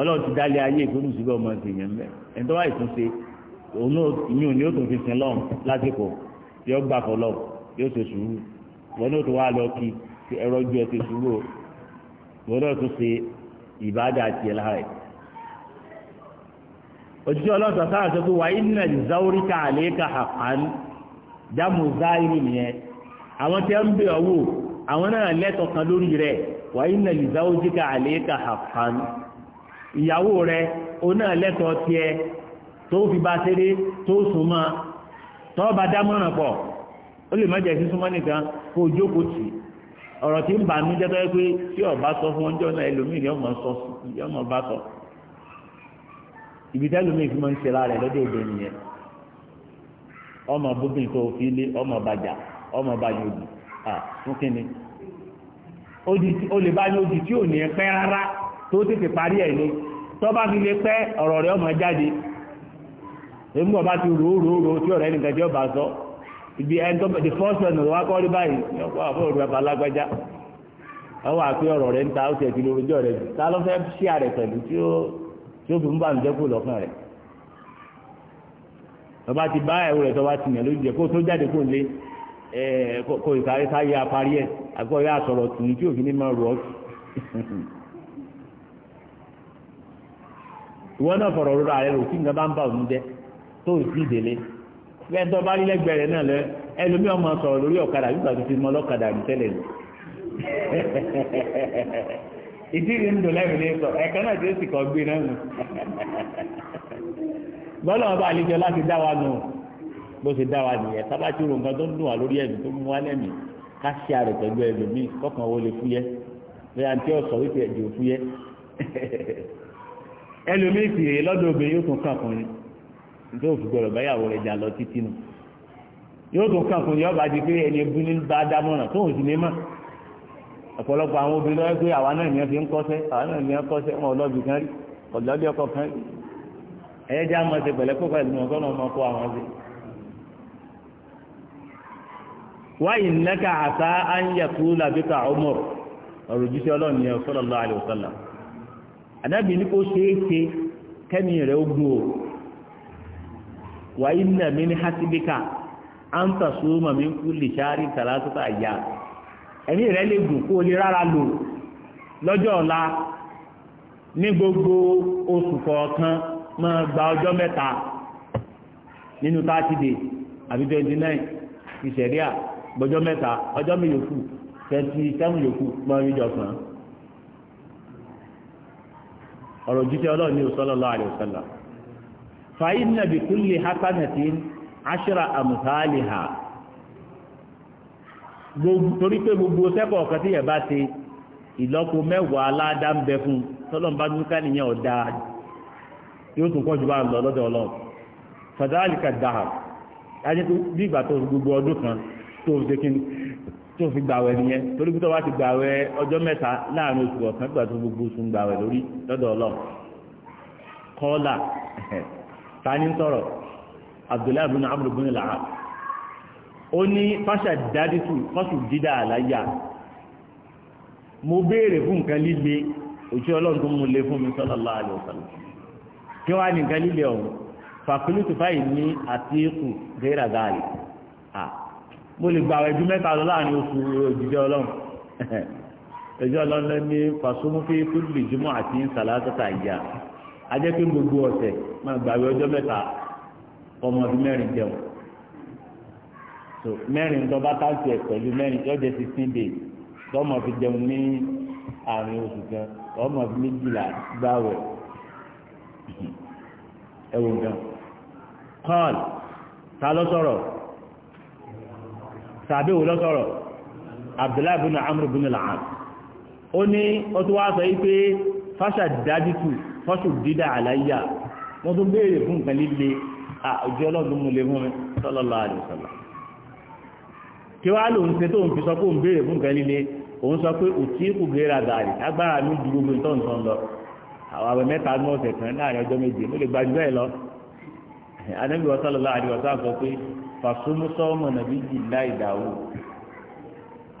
ọlọ́run ti dálé ayé ìgbónú síbẹ̀ ọmọ ti yẹn mẹ́ ẹni tó wá ìtúnṣe òun náà ìyún ni ó tún fi sin lọ́run lásìkò yóò gbà fọlọ́ yóò ṣe sùúrù wọn náà tó wá lọ kí ẹrọ ju ẹ ti sùúrù o wọn náà tún ṣe ìbáàdà tiẹ̀ lára ẹ̀. òjijì ọlọ́sàn sáà sọ pé wà iná ìzáwórí ká àléékà àkàn dáàmú záírì nìyẹn àwọn tí wọ́n ń bè ọwọ́ àwọn náà lẹ́tọ̀ọ́ kan lórí rẹ̀ wà iná ìzáwórí ìyàwó rẹ òun náà lẹ́tọ̀ọ́ tó fi bá tó sùn tọ́ bá pọ̀ ó lè mọ́jẹ̀ sí súnmọ́ nìkan kó o jókòó tì ọ̀rọ̀ tí ń bà mí jẹ́ tọ́jú tí ọba sọ bá sọ ibi fi ń ṣe lára ẹ̀ òde nìyẹn ọmọ tó fi lé ọmọ bàjá ọmọ bàjá òdì fún kínní ó lè bá ní tí tó tètè parí ẹ̀ ni tó bá fi lè pẹ́ ọ̀rọ̀ rẹ̀ ọmọ jáde èmi ọba ti rò tí ọba sọ ibi the first one rí báyìí òru ẹ̀bà ọwọ́ àpé ọ̀rọ̀ rẹ̀ ń ta ó lórí jù ta ló fẹ́ ṣí àrẹ̀ pẹ̀lú tí ó fi ń bá ń dẹ́kù lọ́kàn rẹ̀ ọba ti bá ẹ̀wù rẹ̀ tó bá ti yàn kó tó *laughs* ìwọ náà fọ̀rọ̀ rọra rẹ rò kí nǹkan bá ń bà ọ́ níjẹ́ tó ì sí ìdèlé bẹ́ẹ̀ tó bá rí lẹ́gbẹ̀ẹ́ rẹ náà lẹ ẹlòmí ọmọ sọ̀rọ̀ lórí ọ̀kadà nígbà tó ti mọ ọlọ́kadà rí tẹ́lẹ̀ lọ. *laughs* ìdílé ń dòlẹ́ mi lé sọ ẹ̀ka náà ti sì kọ́ gbé náà nù. *laughs* bọ́lá ọba àlejò láti dá wa nù bó ṣe dá wa nìyẹn sábà tí ro nǹkan tó ń dùn wá lórí ẹ̀mí tó mú wá lẹ́mìí ká ṣe àrè pẹ̀lú ẹlòmíì kọ́kàn wọlé fúyẹ́ bẹ́ẹ̀ àti ọ̀sọ̀ wípé ẹ̀jẹ̀ òfúyẹ́ *laughs* ẹlòmí ìfìyè lọ́dọ̀ obìnrin yóò tún kàn fún yín nítorí òfin gbọ́dọ̀ báyàwó rẹ̀ jà lọ títí nù yóò tún kàn fún yín ọba di pé ẹni ebú ní bá dámọ̀ràn tóun sì ní mọ̀ ọ̀pọ̀lọpọ̀ àwọn obìnrin lọ́wọ́ pé àwa náà nìyẹn fi ń kọ́sẹ́ àwa náà nìyẹn kọ́sẹ́ wọn ọlọ́bì kan rí ọ̀lọ́bì ọkọ̀ kan rí ẹ̀yẹ́ já máa ṣe pẹ̀lẹ́ pọ̀ pẹ̀lú ọ̀gọ́ náà máa kó àwọn ṣe. wáyé nẹ́ka àṣà á ń yẹ kúrú làbíkà ọmọ ọ̀rọ̀ jíṣẹ́ ọlọ́run yẹn sallallahu alaihi wasallam anábì ní kó ṣeé kẹ́mi rẹ̀ ó gbó o wà hasibika an tasuma min kulli shari thalathata ayyam ẹ̀mí rẹ̀ lè gùn kó lè rárá lò lọ́jọ́ ọ̀la gbogbo oṣù kọ̀ọ̀kan ma gba ọjọ́ mẹ́ta nínú thirty àbí 29 ìṣẹ̀ríà gbọ́jọ́ mẹ́ta ọjọ́ mi yòókù ọ̀rọ̀ jíjẹ́ ọlọ́run ní sallallahu alaihi wasallam fa inna bi kulli hasanatin ashra amthaliha torí pé gbogbo sẹ́kọ̀ ọ̀kan tí yẹn bá ṣe ìlọ́po mẹ́wàá aládá ń bẹ fún tọ́lọ́n bá nìyẹn ọ̀dà yóò tún pọ̀ bá lọ lọ́dọ̀ ọlọ́run fàdáàlì kàdáà ajẹ́ bí ìgbà tó gbogbo ọdún kan tó ṣe kí tí o fi gbàwẹ̀ nìyẹn torí pé tó bá ti gbàwẹ̀ ọjọ́ mẹ́ta láàrin oṣù ọ̀sán gbà gbogbo oṣù ń gbàwẹ̀ lórí lọ́dọ̀ ọlọ́run kọ́lá *laughs* tani sọ̀rọ̀ abdullahi ó ní fáṣà dádìtù fáṣù dídà àláyà mo le fún mi kí wàá ní nǹkan líle ọ̀hún fáyì mo lè gbàwẹ̀ ju mẹ́ta lọ láàrin oṣù òjijì ọlọ́run ẹjọ́ ọlọ́run lọ ní fàṣọmúfé fúlùlì jùmọ̀ àti sàlátàtà ìyá ajẹ́ pé gbogbo ọ̀sẹ̀ máa gbàwẹ̀ ọjọ́ mẹ́ta ọmọ ọdún mẹ́rin jẹun so mẹ́rin tó bá táǹtì ẹ̀ pẹ̀lú mẹ́rin tó jẹ́ sixteen days tọ́mọ fi jẹun ní àárín oṣù kan ọmọ fi méjìlá gbàwẹ̀ ẹ̀wọ̀n gan kọ́ọ̀lù ta ló sọ̀rọ̀ tàbí òlọ́sọ̀rọ̀ abdullahi bin amr bin al-aas ó ní ó tún wá sọ yìí pé fáṣà dájútù fọ́ṣù dídá àláyà wọ́n tún béèrè fún nǹkan líle àjọ ọlọ́dún mú lè fún mi sallallahu alaihi wasallam kí wá lòun ṣe tó ń fi sọ pé òun béèrè fún nǹkan líle òun sọ pé òtí àwọn mẹ́ta ní ọ̀sẹ̀ kan láàrin ọjọ́ méje mo lè gbàdúrà ẹ lọ anábìwọ sallallahu fàṣọmọsọmọ nàbí jìlá ìdáwó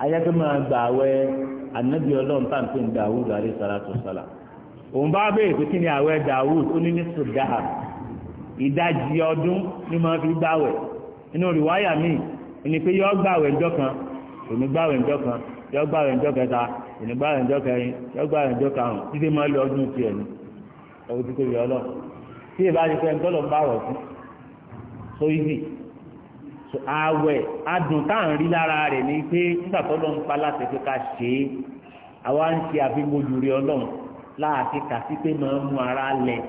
ayáké máa gbà wẹ anabi ọlọ́run pàǹpẹ ìdáwó gàrí sàlátù sàlá òun bá bẹ̀rẹ̀ pé kí ni àwẹ̀ ìdáwó ó ní ní sùdáhà ìdajì ọdún ni máa fi gbàwẹ̀ inú rìwáyà míì ẹni pé yọ gbàwẹ̀ ńjọ́ kan òní gbàwẹ̀ ńjọ́ kan yọ gbàwẹ̀ ńjọ́ kẹta òní gbàwẹ̀ ńjọ́ kẹrin yọ gbàwẹ̀ ńjọ́ karùn títí máa lọ ọdún tiẹ̀ ni ọdún tó yọ ọlọ́run tí ìbá ti fẹ́ ńtọ́lọ́ ń bá rọ̀ fún so easy ààwẹ̀ adùn tá à ń rí lára rẹ̀ ni pé nígbà tó lọ́n pa láti fi ká ṣe é àwa ń ṣe àfimójú rí ọlọ́run láàfin kàsí pé máa ń mú ara lẹ̀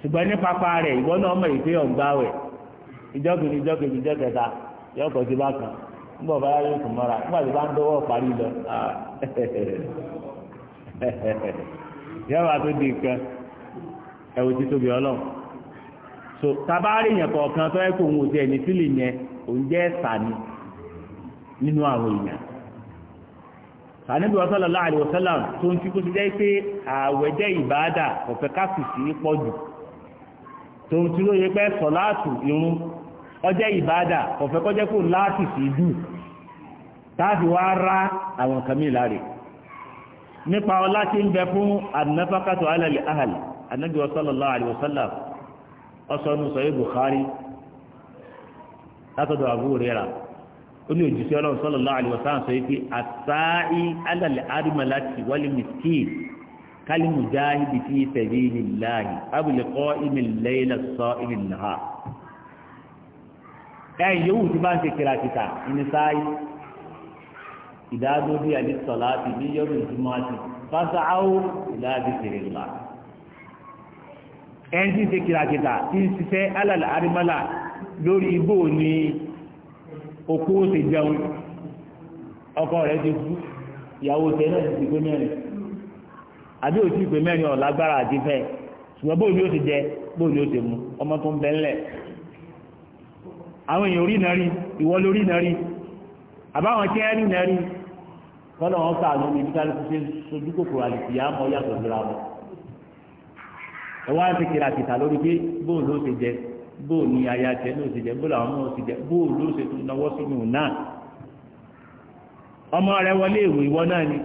ṣùgbọ́n ní pápá rẹ̀ ìwọ náà mọ̀ ìpè ọ̀gbá wẹ̀ ìjọ́kìnrin ìjọ́kìnrin ìjọ́kẹta yọkọ̀ sí bákan nígbà bá yára yóò tún mọ́ra nígbà tí bá ń dọ́wọ́ parí lọ *laughs* yọba tó di nǹkan ẹ̀wò títóbi ọlọ́run so tabaari yẹn kọ̀ọ̀kan tó yẹ kó òun ò jẹ́ ẹni sílì yẹn òun jẹ́ sani nínú àwọn èèyàn sànẹ́bí sallallahu alaihi wasallam tó ń tíkó ti jẹ́ pé ààwẹ̀ jẹ́ ìbáadà ọ̀fẹ́ káfíìsì pọ̀ jù tó ń tí yẹ pé sọ̀láàtù irun ọjẹ́ ìbáadà ọ̀fẹ́ kọjẹ́ kó láàfíìsì jù táàfi wá rá àwọn nǹkan mìíràn nípa ọlá tí ń bẹ fún àdínáfákàtọ̀ alẹ́ àhàlì ànẹ́bí sallallahu alaihi wasallam ọsọ́nù sọ̀rọ̀ Bukhari látọ̀dọ̀ Abu Hurairah ó ní òjìṣẹ́ ọlọ́run sallallahu alaihi wasallam sọ pé àtàí alàlẹ́ sọ àdìmọ̀láti wal miskin kálímùjáhìdì fi sabilillahi abùlẹ̀kọ́ ìmìlẹ́yìnlá sọ ìmìlẹ́hà ẹ̀yìn yòówù tí bá ń ṣe kìràkìtà ní sáyé ìdádó bí alẹ́ sọ̀lá ti ní yọ́rùn ni saye ìjùmọ̀ àti fásááwó ìdádó kìrìlá ẹni tí ń ṣe kìràkìtà tí ń ṣiṣẹ́ alàlà àrímọ́là lórí igbó ni okó ṣe jẹun ọkọ rẹ̀ ti kú ìyàwó tẹ náà ti pé mẹ́rin àbí òtí pé mẹ́rin ọ̀lágbára àti fẹ́ ṣùgbọ́n bóun ni ó ti jẹ bóun ni ó ti mu ọmọ tó ń bẹ ńlẹ̀ àwọn èèyàn orí náà rí ìwọ lórí náà rí àbáwọn tí ẹ rí náà rí kọ́lọ̀ wọn kà lómi bí kálukú ṣe sojú kòkòrò àlùfíà ẹ wá ti kiri àtìtà lórí pé bóun ló ti jẹ bóun ni aya tẹ ló ti jẹ bóun làwọn ọmọ ti jẹ bóun ló ti tún náwó sínú náà ọmọ rẹ wọlé ìwé ìwọ náà ni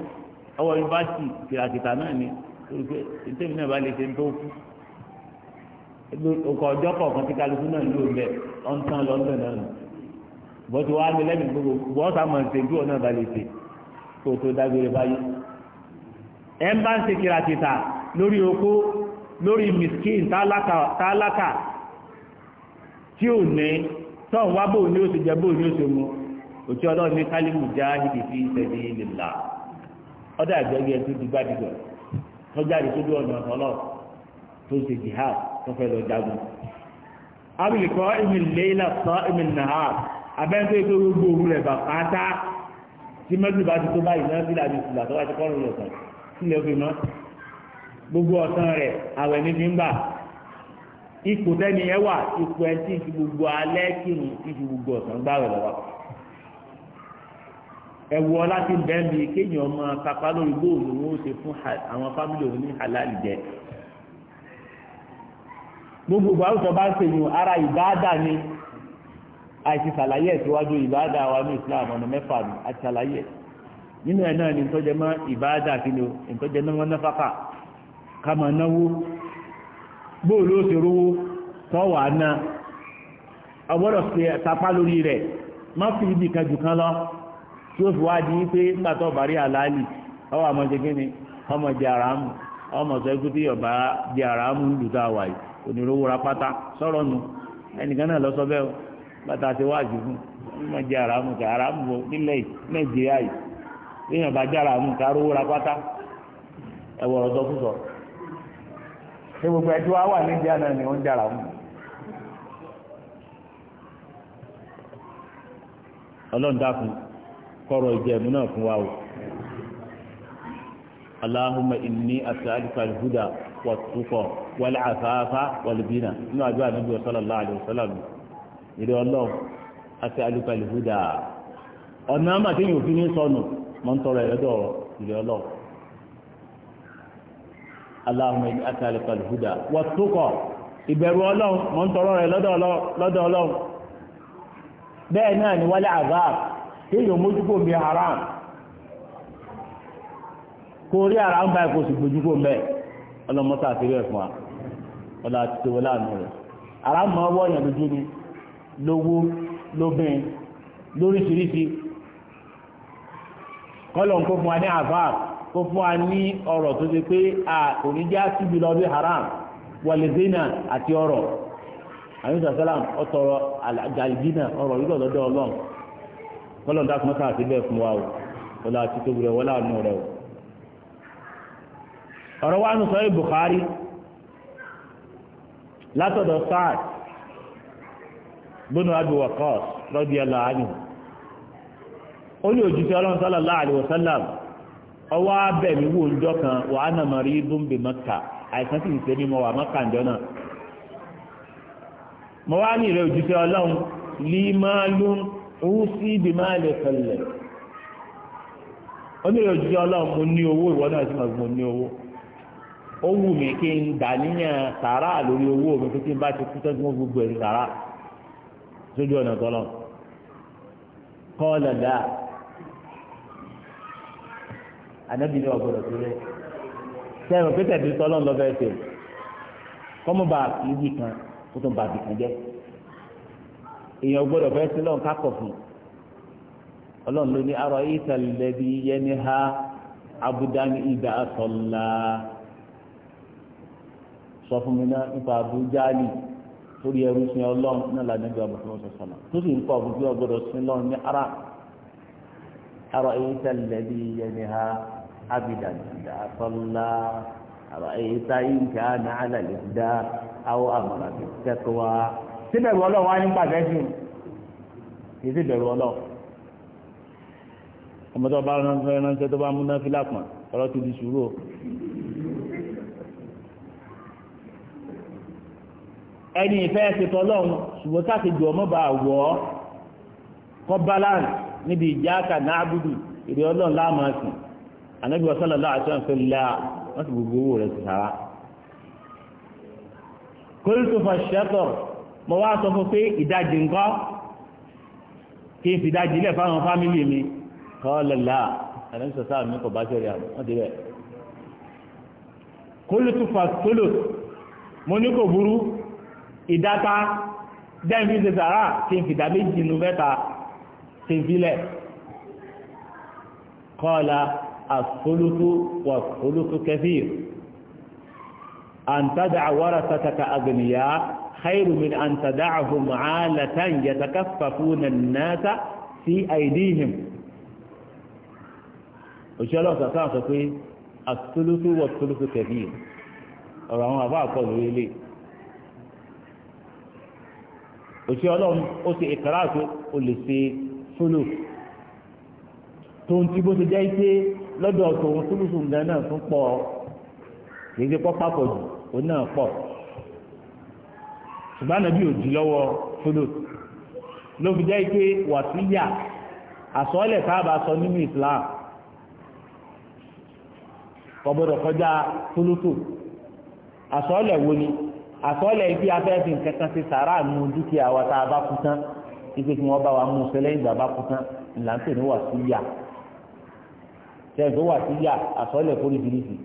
ọwọ́ yunifásitì kiri àtìtà náà ni lórí pé ìtẹ́mi náà bá lè ṣe ń tó kú ọkọ̀ ọjọ́ kọ̀ọ̀kan tí kálukú náà ló bẹ̀ ọ̀ntàn lọ́ndọ̀ náà nù bọ́tù wa ní lẹ́nu gbogbo bọ́ọ̀sà mọ̀ ṣe bí ọ̀nà balẹ̀ ṣe kó o tó dágbére báyìí ẹ̀ ń bá ń ṣe kiri lórí oko lórí miskin tálákà tí ò ní tọ́n wá bóò ní ó ti jẹ bóò ní ó ti mú òtí ní já fi ìtẹ̀lé ìlèlà ọdá ìgbẹ́gbẹ́ tó di gbàdìgbọ̀ tó jáde tó ọ̀nà tó ṣe tó fẹ́ lọ jagun. ìmì lẹ́yìnlá sọ ìmì nàá abẹ́ńtẹ́ tó gbogbo òru rẹ̀ bàbá tí mẹ́gbẹ́ bá ti tó báyìí náà sílẹ̀ ìsìlà tó wá ti gbogbo ọ̀sán rẹ̀ àwẹ̀ ní fi ń bà ipò tẹ́ni ẹ wà ipò ẹ tí fi gbogbo alẹ́ kírun tí fi gbogbo ọ̀sán gbàwẹ̀ lọ́wọ́ ẹ wọ láti bẹ́ẹ̀ kéèyàn ọmọ kápá lórí bóòlù wọn ó ṣe fún àwọn fámìlì òun ní halali jẹ gbogbo àwùjọ bá ń ṣe ara ìbáàdà ni àìsí ṣàlàyé ìtìwájú ìbáàdà wa ní Islam ọ̀nà mẹ́fà àti ṣàlàyé nínú ẹ̀ náà ni ìtọ́jẹ́ mọ́ ìbáàdà kí ni o ìtọ́jẹ́ náà náfàkà kama náwó bóòlù ó ti rówó tọ́wà náà ọgbọ́dọ̀ ṣe tapá lórí fi ibi kan jù kan lọ tí ó fi wá di pé nígbà tó àlàálì ọwọ́ ọmọ jẹ àràmù ọmọ sọ ikú tí yọba jẹ àràmù lù tá wà yìí sọ̀rọ̀ nu ẹnìkan náà lọ sọ bẹ́ẹ̀ o bàtà ti wá fún ọmọ jẹ ṣé gbogbo ẹjọ́ wa wà ní India náà ni ó ń dára mú ọlọ́run dákun kọ́rọ̀ ìjẹ̀mú náà fún wa o aláhùnmá ìní àtàlùkà ìhúdà wàtúkọ̀ wàlẹ̀ àfáàfá wàlẹ̀ bínà àjọ àdúgbò sallallahu alaihi ìrẹ́ ọlọ́run àtàlùkà ìhúdà ọ̀nà àmàtẹ́yìn òfin ní sọnù mọ́ ẹ̀rẹ́dọ̀ ìrẹ́ ọlọ́run Allahumma inni as'aluka al-huda wat-tuqa ìbẹ̀rù ọlọ́run mọ̀ ń tọrọ rẹ̀ lọ́dọ̀ ọlọ́run bẹ́ẹ̀ náà ni wálé azab tí yóò mójúkò bí haram kò rí ara ń báyìí kò sì gbójúkò mẹ́ ọlọ́mọ́sá àti rẹ̀ fún wa ọlọ́ àti tó wọlé àná rẹ̀ ara mọ́ wọ́ọ̀yàn lójú ni lówó lóbìn lóríṣiríṣi kọ́lọ̀ kó fún wa ní àfáà kó fún wa ní ọ̀rọ̀ tó ṣe pé à oníjà síbi lọ bí haram wàlẹ̀ zina àti ọ̀rọ̀ àyùn sàlám ọ̀tọ̀rọ̀ àjàlìjìnà ọ̀rọ̀ yìí lọ́dọ̀ ọlọ́run kọ́lọ̀ dákun mọ́ta àti bẹ́ẹ̀ fún wa o wọlé àti tóbi rẹ̀ wọlé àánú rẹ̀ o. ọ̀rọ̀ wa nù sọ́yìn Bukhari látọ̀dọ̀ Sa'ad bónú Abi Waqqas radiyallahu anhu ó ní òjíṣẹ́ ọlọ́run sallallahu alaihi wasallam ọwọ́ abẹ́ mi wò ńjọ́ kan wà á nàmọ̀ rí bóńbè mọ́kà àìsàn sì ń ṣe mí wà mọ́kà ńjọ́ náà mo wá ní ìrẹ́ ọlọ́run máa ló ń sí ibi máa lè ó ní ìrẹ́ ọlọ́run mo ní owó ìwọ náà mo ní owó ó wù mí kí n dà níyàn sàrà lórí owó mi n bá ti kú tẹ́sí gbogbo ẹ̀ sàrà ọ̀nà anabi ni ọgbọdọ tó rẹ sẹyìn òpétẹ bí tọlọ ńlọ bẹ́ẹ̀ tẹ kan kó tó ń kan jẹ èèyàn gbọ́dọ̀ bẹ́ẹ̀ sí lọhùn kákọ fún ló ní ha abudani ìdá àtọlá sọ fún mi náà nípa abudani torí ẹrú sin Ọlọ́run náà lànà ìgbà bàtà sọsọlá tó sì ń àbújá ọgbọdọ ha. عبدا إذا صلى رأيت إن كان على الإهدى أو أمر بالتقوى síbẹ̀rù ọlọ́run wá nípa àfẹ́sìn kì í sì bẹ̀rù ọlọ́run ọmọ tó bá ránṣẹ́ tó bá múná fílà pọ̀n ọlọ́ ti di sùúrù o. ẹni ìfẹ́ ṣètò ọlọ́run ṣùgbọ́n sáṣejù ọmọ bá wọ̀ ọ́ kọ́ balance níbi ìjà kà náà abudu ìrẹ́ láàmú ẹ̀sìn anabi wasala láà tí wọ́n fi la wọ́n ti gbogbo owó rẹ̀ ti sara kóòtù fàṣẹtọ̀ mo wá sọ fún pé ìdajì ńkọ́ kí n fi ìdajì ilẹ̀ fáwọn fámìlì mi kọ́ọ̀lẹ̀ láà anabi sọ̀tà mi kò bá sọ̀rọ̀ àmọ́ wọ́n ti bẹ̀ kóòtù fàṣẹtọ̀ mo ní kò burú ìdáta dẹ́nfí ṣe sàrà kí n fi ìdá méjì nù mẹ́ta ṣe ń filẹ̀ kọ́ọ̀lá. الثلث والثلث كثير أن تدع ورثتك أغنياء خير من أن تدعهم عالة يتكففون الناس في أيديهم وشلو ستاقى في الثلث والثلث كثير ورحمة الله قلوا لي وشلو أتي إقراته قل لي ثلث تنتبه جايته lọ́dọ̀ tòun túlùsù nǹkan náà tún pọ̀ kìí ṣe pọ́pá pọ̀ jù òun náà pọ̀ ṣùgbọ́n àbí òjì lọ́wọ́ túlùsù ló fi jẹ́ pé wàsíyà àsọ́ọ́lẹ̀ káàbà sọ nínú Islam kọ̀bọ̀dọ̀ kọjá túlùsù àsọ́ọ́lẹ̀ wo ni àsọ́ọ́lẹ̀ ibi abẹ́ẹ̀fì kankan ti sàrà nù dúkìá wa tá a bá kú tán ibi tí wọ́n bá wa mú sẹ́lẹ̀ ìgbà bá kú tán ìlànà tèmi wàsíyà sẹ́yìn tó wà sí yà àsọ́lẹ̀ kórìbìrìsì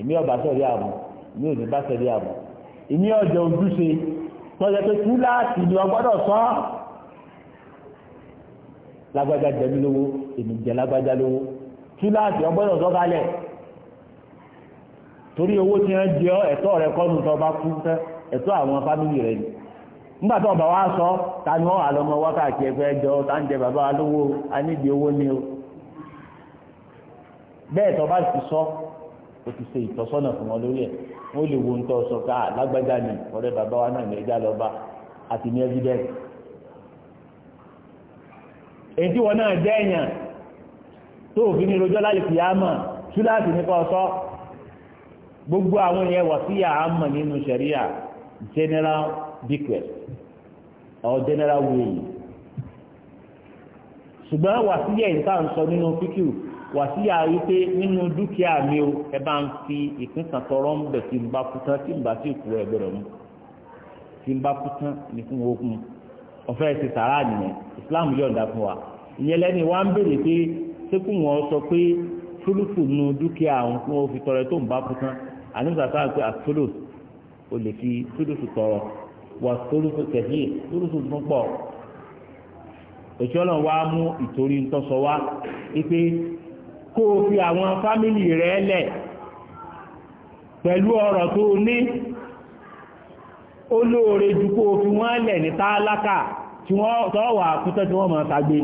èmi ọba sọ̀rí àmọ́ èmi òní bá sọ̀rí àmọ́ èmi ọjọ́ ojúṣe tọ́jà pé túláàsì ni ọgbọ́dọ̀ sọ lágbájá jẹmí lówó èmi jẹ lágbájá lówó túláàsì ọgbọ́dọ̀ sọ kalẹ̀ torí owó tí wọ́n jẹ ẹ̀tọ́ rẹ kọ́nu tó bá kú tẹ́ ẹ̀tọ́ àwọn fámìlì rẹ ni nígbà tó ọba wa sọ ta ni wọ́n àlọ́mọ wákàtí ẹgbẹ́ jọ tá ń jẹ bàbá wa lówó a owó ni o. bẹ́ẹ̀ tó bá ti sọ o ti ṣe ìtọ́sọ́nà fún wọn lórí ẹ̀ wọ́n lè wo nǹkan sọ pé ni ọ̀rẹ́ bàbá wa náà lẹ́jà lọ bá àti ní evidence. èyí tí wọn náà jẹ́ èèyàn tó òfin ní rojọ́ gbogbo àwọn èèyàn wà sí nínú general bequest or general will ṣùgbọ́n wà sí ń wàsíyà wípé nínú dúkìá mi o ẹ bá ń fi ìpín kan tọrọ ń bẹ̀ tí n bá kú tán tí n bá sì kú ẹ gbọ́dọ̀ mú tí n bá kú tán ní fún wọn kún ti sàrà nìyẹn Islam yọ̀ǹda fún wa ìyẹn lẹ́ni wá ń béèrè pé sékù wọn sọ pé fúlùfù nu dúkìá àwọn tí wọn fi tọrẹ tó ń bá kú tán àníṣà sáà pé àtúlò o lè fi fúlùfù tọrọ wà fúlùfù kẹfì fúlùfù tún pọ̀ òṣìṣẹ́ ọlọ́run wá mú ìtorí ntọ́sọ kó o fi àwọn fámìlì rẹ lẹ̀ pẹ̀lú ọ̀rọ̀ tó ní ó lóore ju kó o fi wọ́n lẹ̀ ní tálákà tí wọ́n tọ́wà kútọ́ tí wọ́n máa tagbe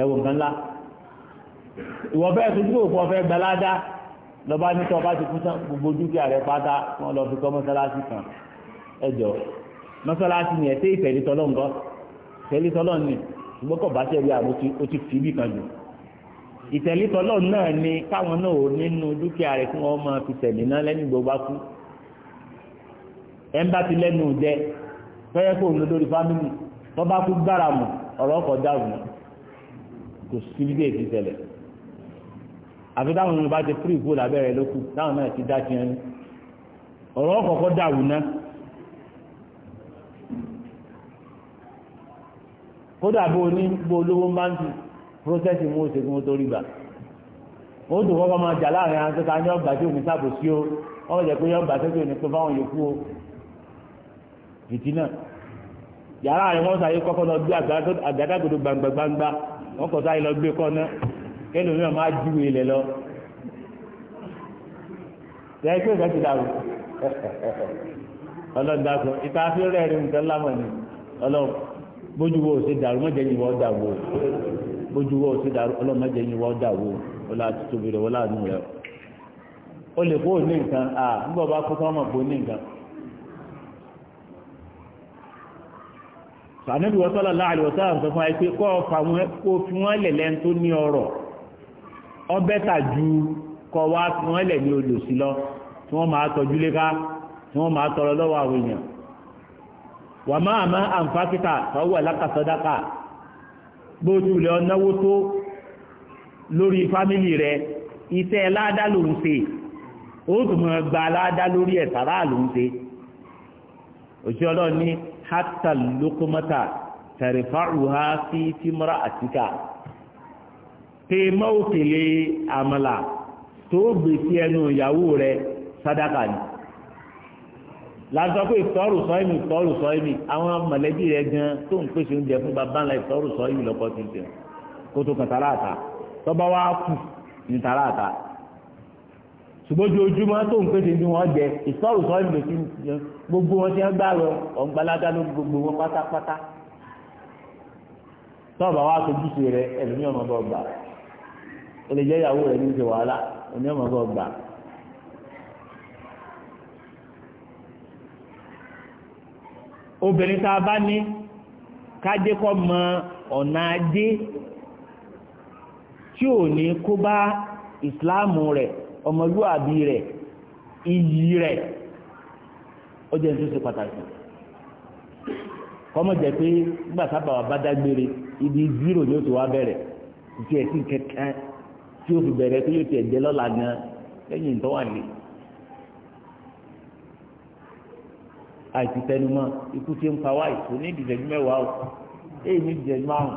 ẹwọ nǹkan ńlá ìwọ bẹ́ẹ̀ tó dúró kó o fẹ́ gbalada lọ́ba nítọ́ bá ti kú tán gbogbo dúkìá rẹ pátá wọ́n lọ fi kọ́ mọ́sálásí kan ẹjọ́ mọ́sálásí ni ẹ̀ tẹ́ ìfẹ̀lítọ́lọ́ nǹkan gbọ́kọ̀ bá tẹ̀lé àmọ́ ó ti fi kan jù ìtẹ̀lítọ́ náà ni káwọn náà ò nínú dúkìá rẹ̀ fún ọmọ fi tẹ̀lé náà lẹ́nu ìgbò bá kú ẹ̀ ń bá ti lẹ́nu fẹ́rẹ́ lórí fámìlì tó bá kú gbára mọ̀ ọ̀rọ̀ ọkọ̀ dáhùn kò sí tẹ̀lẹ̀ àfi táwọn náà ti dá ọ̀rọ̀ ọkọ̀ kọ́ dáhùn náà kódà bó ní bó olówó ń bá ń ti prọ́sẹ́sì mú òṣègùn tó rí gbà ó dùn kọ́kọ́ máa jà láàrin àwọn tó ta ní ọgbà tí òun sábò sí o wọ́n jẹ́ pé ọgbà tó ní pé fáwọn yòókù o ìdí náà yàrá rẹ̀ wọ́n sàyé kọ́kọ́ lọ gbé àgádágodo gbangbangba wọ́n kọ́ sáyé lọ gbé kọ́ná kẹ́lò mìíràn máa ju ilẹ̀ lọ yàrá ìpè ìgbà ti dàrú *laughs* ọlọ́dún dàkọ ìta fi rẹ̀ rí nǹkan lámọ̀ ni ọlọ́run. bójú wo si dàrú mọ́jẹ́ yìí wọ́n dàrú bójú wo ṣe dàrú ọlọ́mọjẹ́ yìí wọ́n ọlá tuntun wọ́n láàánú rẹ̀ o lè kó ní nǹkan à nígbà bá kó sọ́mọ̀ kó ní nǹkan. sànẹ́bí wọ́n sọ́lá láàrin wọ́n sọ́lá nǹkan fún ayé pé kó fi wọ́n lẹ́nu tó ní ọrọ̀ ọbẹ̀ tà ju kọ́ wá fi wọ́n lẹ̀ ní olùsí lọ tí wọ́n máa tọ́jú léka tí wọ́n máa tọrọ lọ́wọ́ àwọn èèyàn wà máa má àǹfàkìtà fáwọ́ alákàsọ́dáka gbójú lọ náwó tó lórí fámìlì rẹ iṣẹ́ ládá ló ń ṣe ó tún mọ̀ gba ládá lórí ẹ̀ tàrá ló ń ṣe òṣìṣẹ́ ọlọ́run ní hátà lókómọ́tà tẹ̀rẹ̀fáàrùhá sí tìmọ́ra àtìkà tèmọ́ òkèlè àmàlà tó gbèsè ẹnu ìyàwó rẹ sádàkà ni lásán pé ìtọ́rù sọ́yìnì ìtọ́rù sọ́yìnì àwọn mọ̀lẹ́bí rẹ̀ gan tó ń pèsè oúnjẹ fún bàbá ńlá ìtọ́rù sọ́yìnì lọ́kọ́ ti ń tẹ̀ kó tó kàn tààrà àtà tọ́ba wa kù ní tààrà àtà ṣùgbọ́n ojoojúmọ́ tó ń pèsè ní wọ́n jẹ ìtọ́rù sọ́yìnì ló ti ń jẹ gbogbo wọn ti ń gbà lọ ọ̀ngbàlágá ló gbogbo wọn pátápátá tọ́ba wa tó jùṣe rẹ ẹlòmíọ̀ obìnrin tá a bá ní kájé kọ́ mọ ọ̀nà ajé tí ò ní kó bá ìsìláàmù rẹ̀ ọmọlúwàbí rẹ̀ iyì rẹ̀ ó jẹ́ nítorí pàtàkì kọ́mọ̀ jẹ́ pé nígbà sábà wà bá dágbére ibi zero ni ó ti wá bẹ̀rẹ̀ kẹ̀kẹ́ tí yóò tó wà àìsí tẹnumọ́ ikú tí ń pa wá ìtò ní ìdìjẹjú mẹ́wàá o èyí ní ìdìjẹjú márùn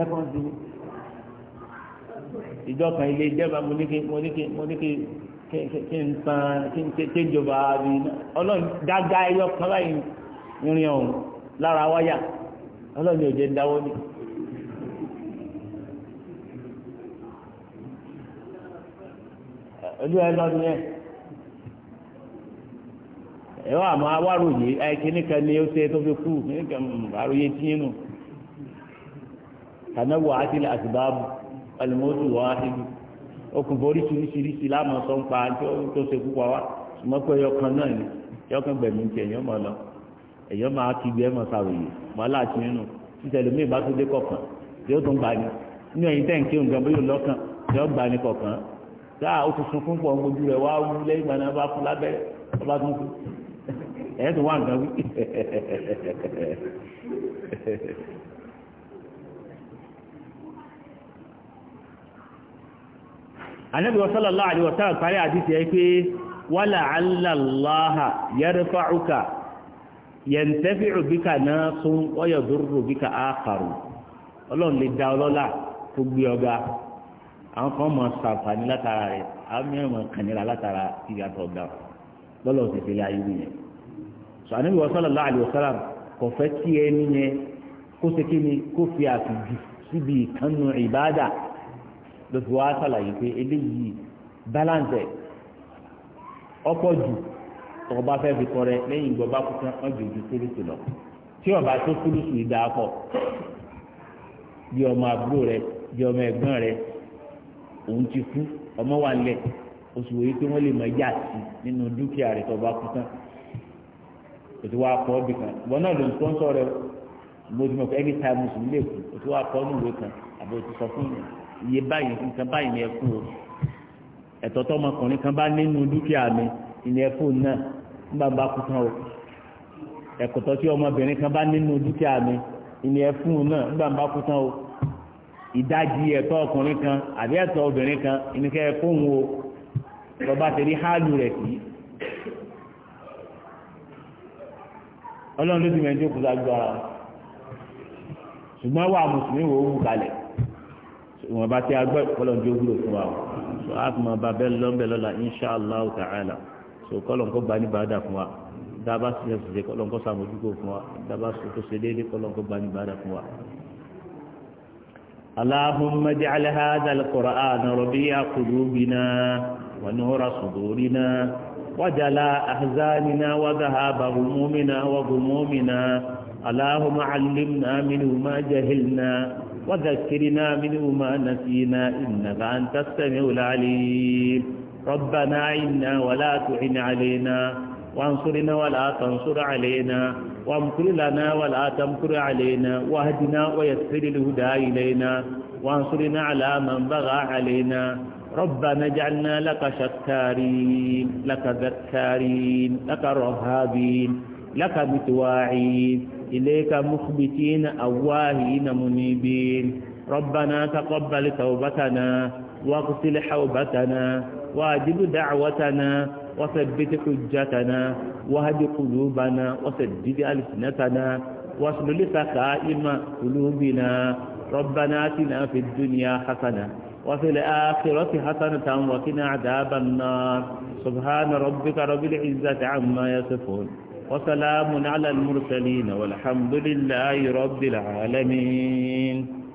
ẹkọ ju ìjọ kan ilé ìjẹba mo ní kí mo ní kí mo ní kí kí n san kí n ké jọba àbí ọlọ́run dáadáa ẹyọ kan láì rìn ọ̀hún lára wáyà ọlọ́run ò jẹ́ ń dáwọ́ ní. olú ẹ lọ́dún yẹn ẹ wà máa wáròyé ẹ kíní kan ni ó ṣe tó fi kú kíní kan hmm, àròyé tí nù kànáwó àti àtìbáàbù alimotu wà áhìlú okùnfọ̀ oríṣiríṣiríṣi láàmú sọ ń pa tó ṣe púpọ̀ wá ṣùgbọ́n pé ẹyọkan náà ni ẹyọkan gbẹ̀mí ti ẹ̀yọ́ mọ̀ lọ ẹ̀yọ́ máa ti gbé ẹ̀mọ̀ sàròyé mọ́ láti nínú títẹ̀lómi ìbátúndé kọ̀ọ̀kan yóò tún gbani nínú ẹ̀yìn tẹ̀ǹkì nǹkan bóyá lọ́kàn yóò gbani kọ̀ọ̀kan dáa ó ti sunkún pọ̀ ń gbójú rẹ̀ wá wú lẹ́yìn gbaná bá fún lábẹ́rẹ́ ọba tuntun ẹ̀ tó wà nǹkan wí. anabi sallallahu alaihi wasallam parí àdísì ẹ pé wàlà aláàláha yarfa'uka yantafi'u bika nasun wa yadurru bika akharu ọlọ́run lè dá ọlọ́lá tó gbé ọgá àwọn kan mọ̀ ṣàǹfààní látara rẹ̀ àwọn mìíràn mọ̀ kànírà látara ìyàtọ̀ ọ̀gá lọ́lọ́ sọ ànábì sallallahu alaihi wasallam kò fẹ́ tí ẹni yẹn kó ṣe kí ni kó fi àtijù síbi ìkànnù ìbáàdà ló fi wá sàlàyé pé eléyìí balance ọ̀pọ̀ jù tọba fẹ́ fi kọrẹ lẹ́yìn ìgbọba kúkan ọjọ́ ju kúrúsù lọ tí ọba tó kúrúsù yìí dáa pọ̀ bí ọmọ àbúrò rẹ bí ọmọ ẹ̀gbọ́n rẹ òun ti kú ọmọ wa lẹ oṣù wòye pé wọn lè mọ ẹjẹ àti nínú dúkìá rẹ tọba kúkan ètò wa kọ́ ọ́bì kan ìwọ́n náà ló ń sponsor rẹ mo ti mọ̀ pé every time mo sì nílé kù ètò wa kọ́ nílé kan àbí o ti sọ fún mi iye báyìí nǹkan báyìí ni ẹ fún o ẹ̀tọ́ tọmọkùnrin kan bá nínú dúkìá mi ìní ẹ fún náà nígbà bá kú tán o ẹ̀kọ́tọ́ tí ọmọbìnrin kan bá nínú dúkìá mi ìní ẹ fún náà nígbà bá kú tán o ìdajì ẹ̀tọ́ ọkùnrin kan àbí ẹ̀tọ́ obìnrin kan ìníkẹ́ ẹ o lọ́ba tẹ̀lé háàlù rẹ̀ kìí ọlọ́run ló ti mẹ́jọ kó sáájú ara ṣùgbọ́n wà mùsùlùmí wò ó wù kalẹ̀ wọn bá ti agbẹ́ ọlọ́run tó wúlò fún wa o so a kò máa ba bẹ́ẹ̀ lọ́nbẹ̀ lọ́la inshallah ta'ala so kọ́lọ̀n kó gba ní bàdà fún wa dábàá sí ẹ̀sìn ṣe kó sàmójúkò fún wa dábàá sí tó ṣe déédéé kọ́lọ̀n kó gba ní bàdà fún wa. اللهم اجعل هذا القرآن ربيع قلوبنا ونور صدورنا وجلاء أحزاننا وذهاب غمومنا وغمومنا اللهم علمنا منه ما جهلنا وذكرنا منه ما نسينا إنك أنت السميع العليم ربنا عنا ولا تعن علينا وانصرنا ولا تنصر علينا وامكر لنا ولا تمكر علينا واهدنا ويسر الهدى إلينا وانصرنا على من بغى علينا ربنا جعلنا لك شكارين لك ذكارين لك رهابين لك متواعين إليك مخبتين أواهين منيبين ربنا تقبل توبتنا واغسل حوبتنا واجب دعوتنا وثبت حجتنا وهد قلوبنا وسدد ألسنتنا واسلل سخائم قلوبنا ربنا اتنا في الدنيا حسنه وفي الآخرة حسنة وقنا عذاب النار سبحان ربك رب العزة عما يصفون وسلام على المرسلين والحمد لله رب العالمين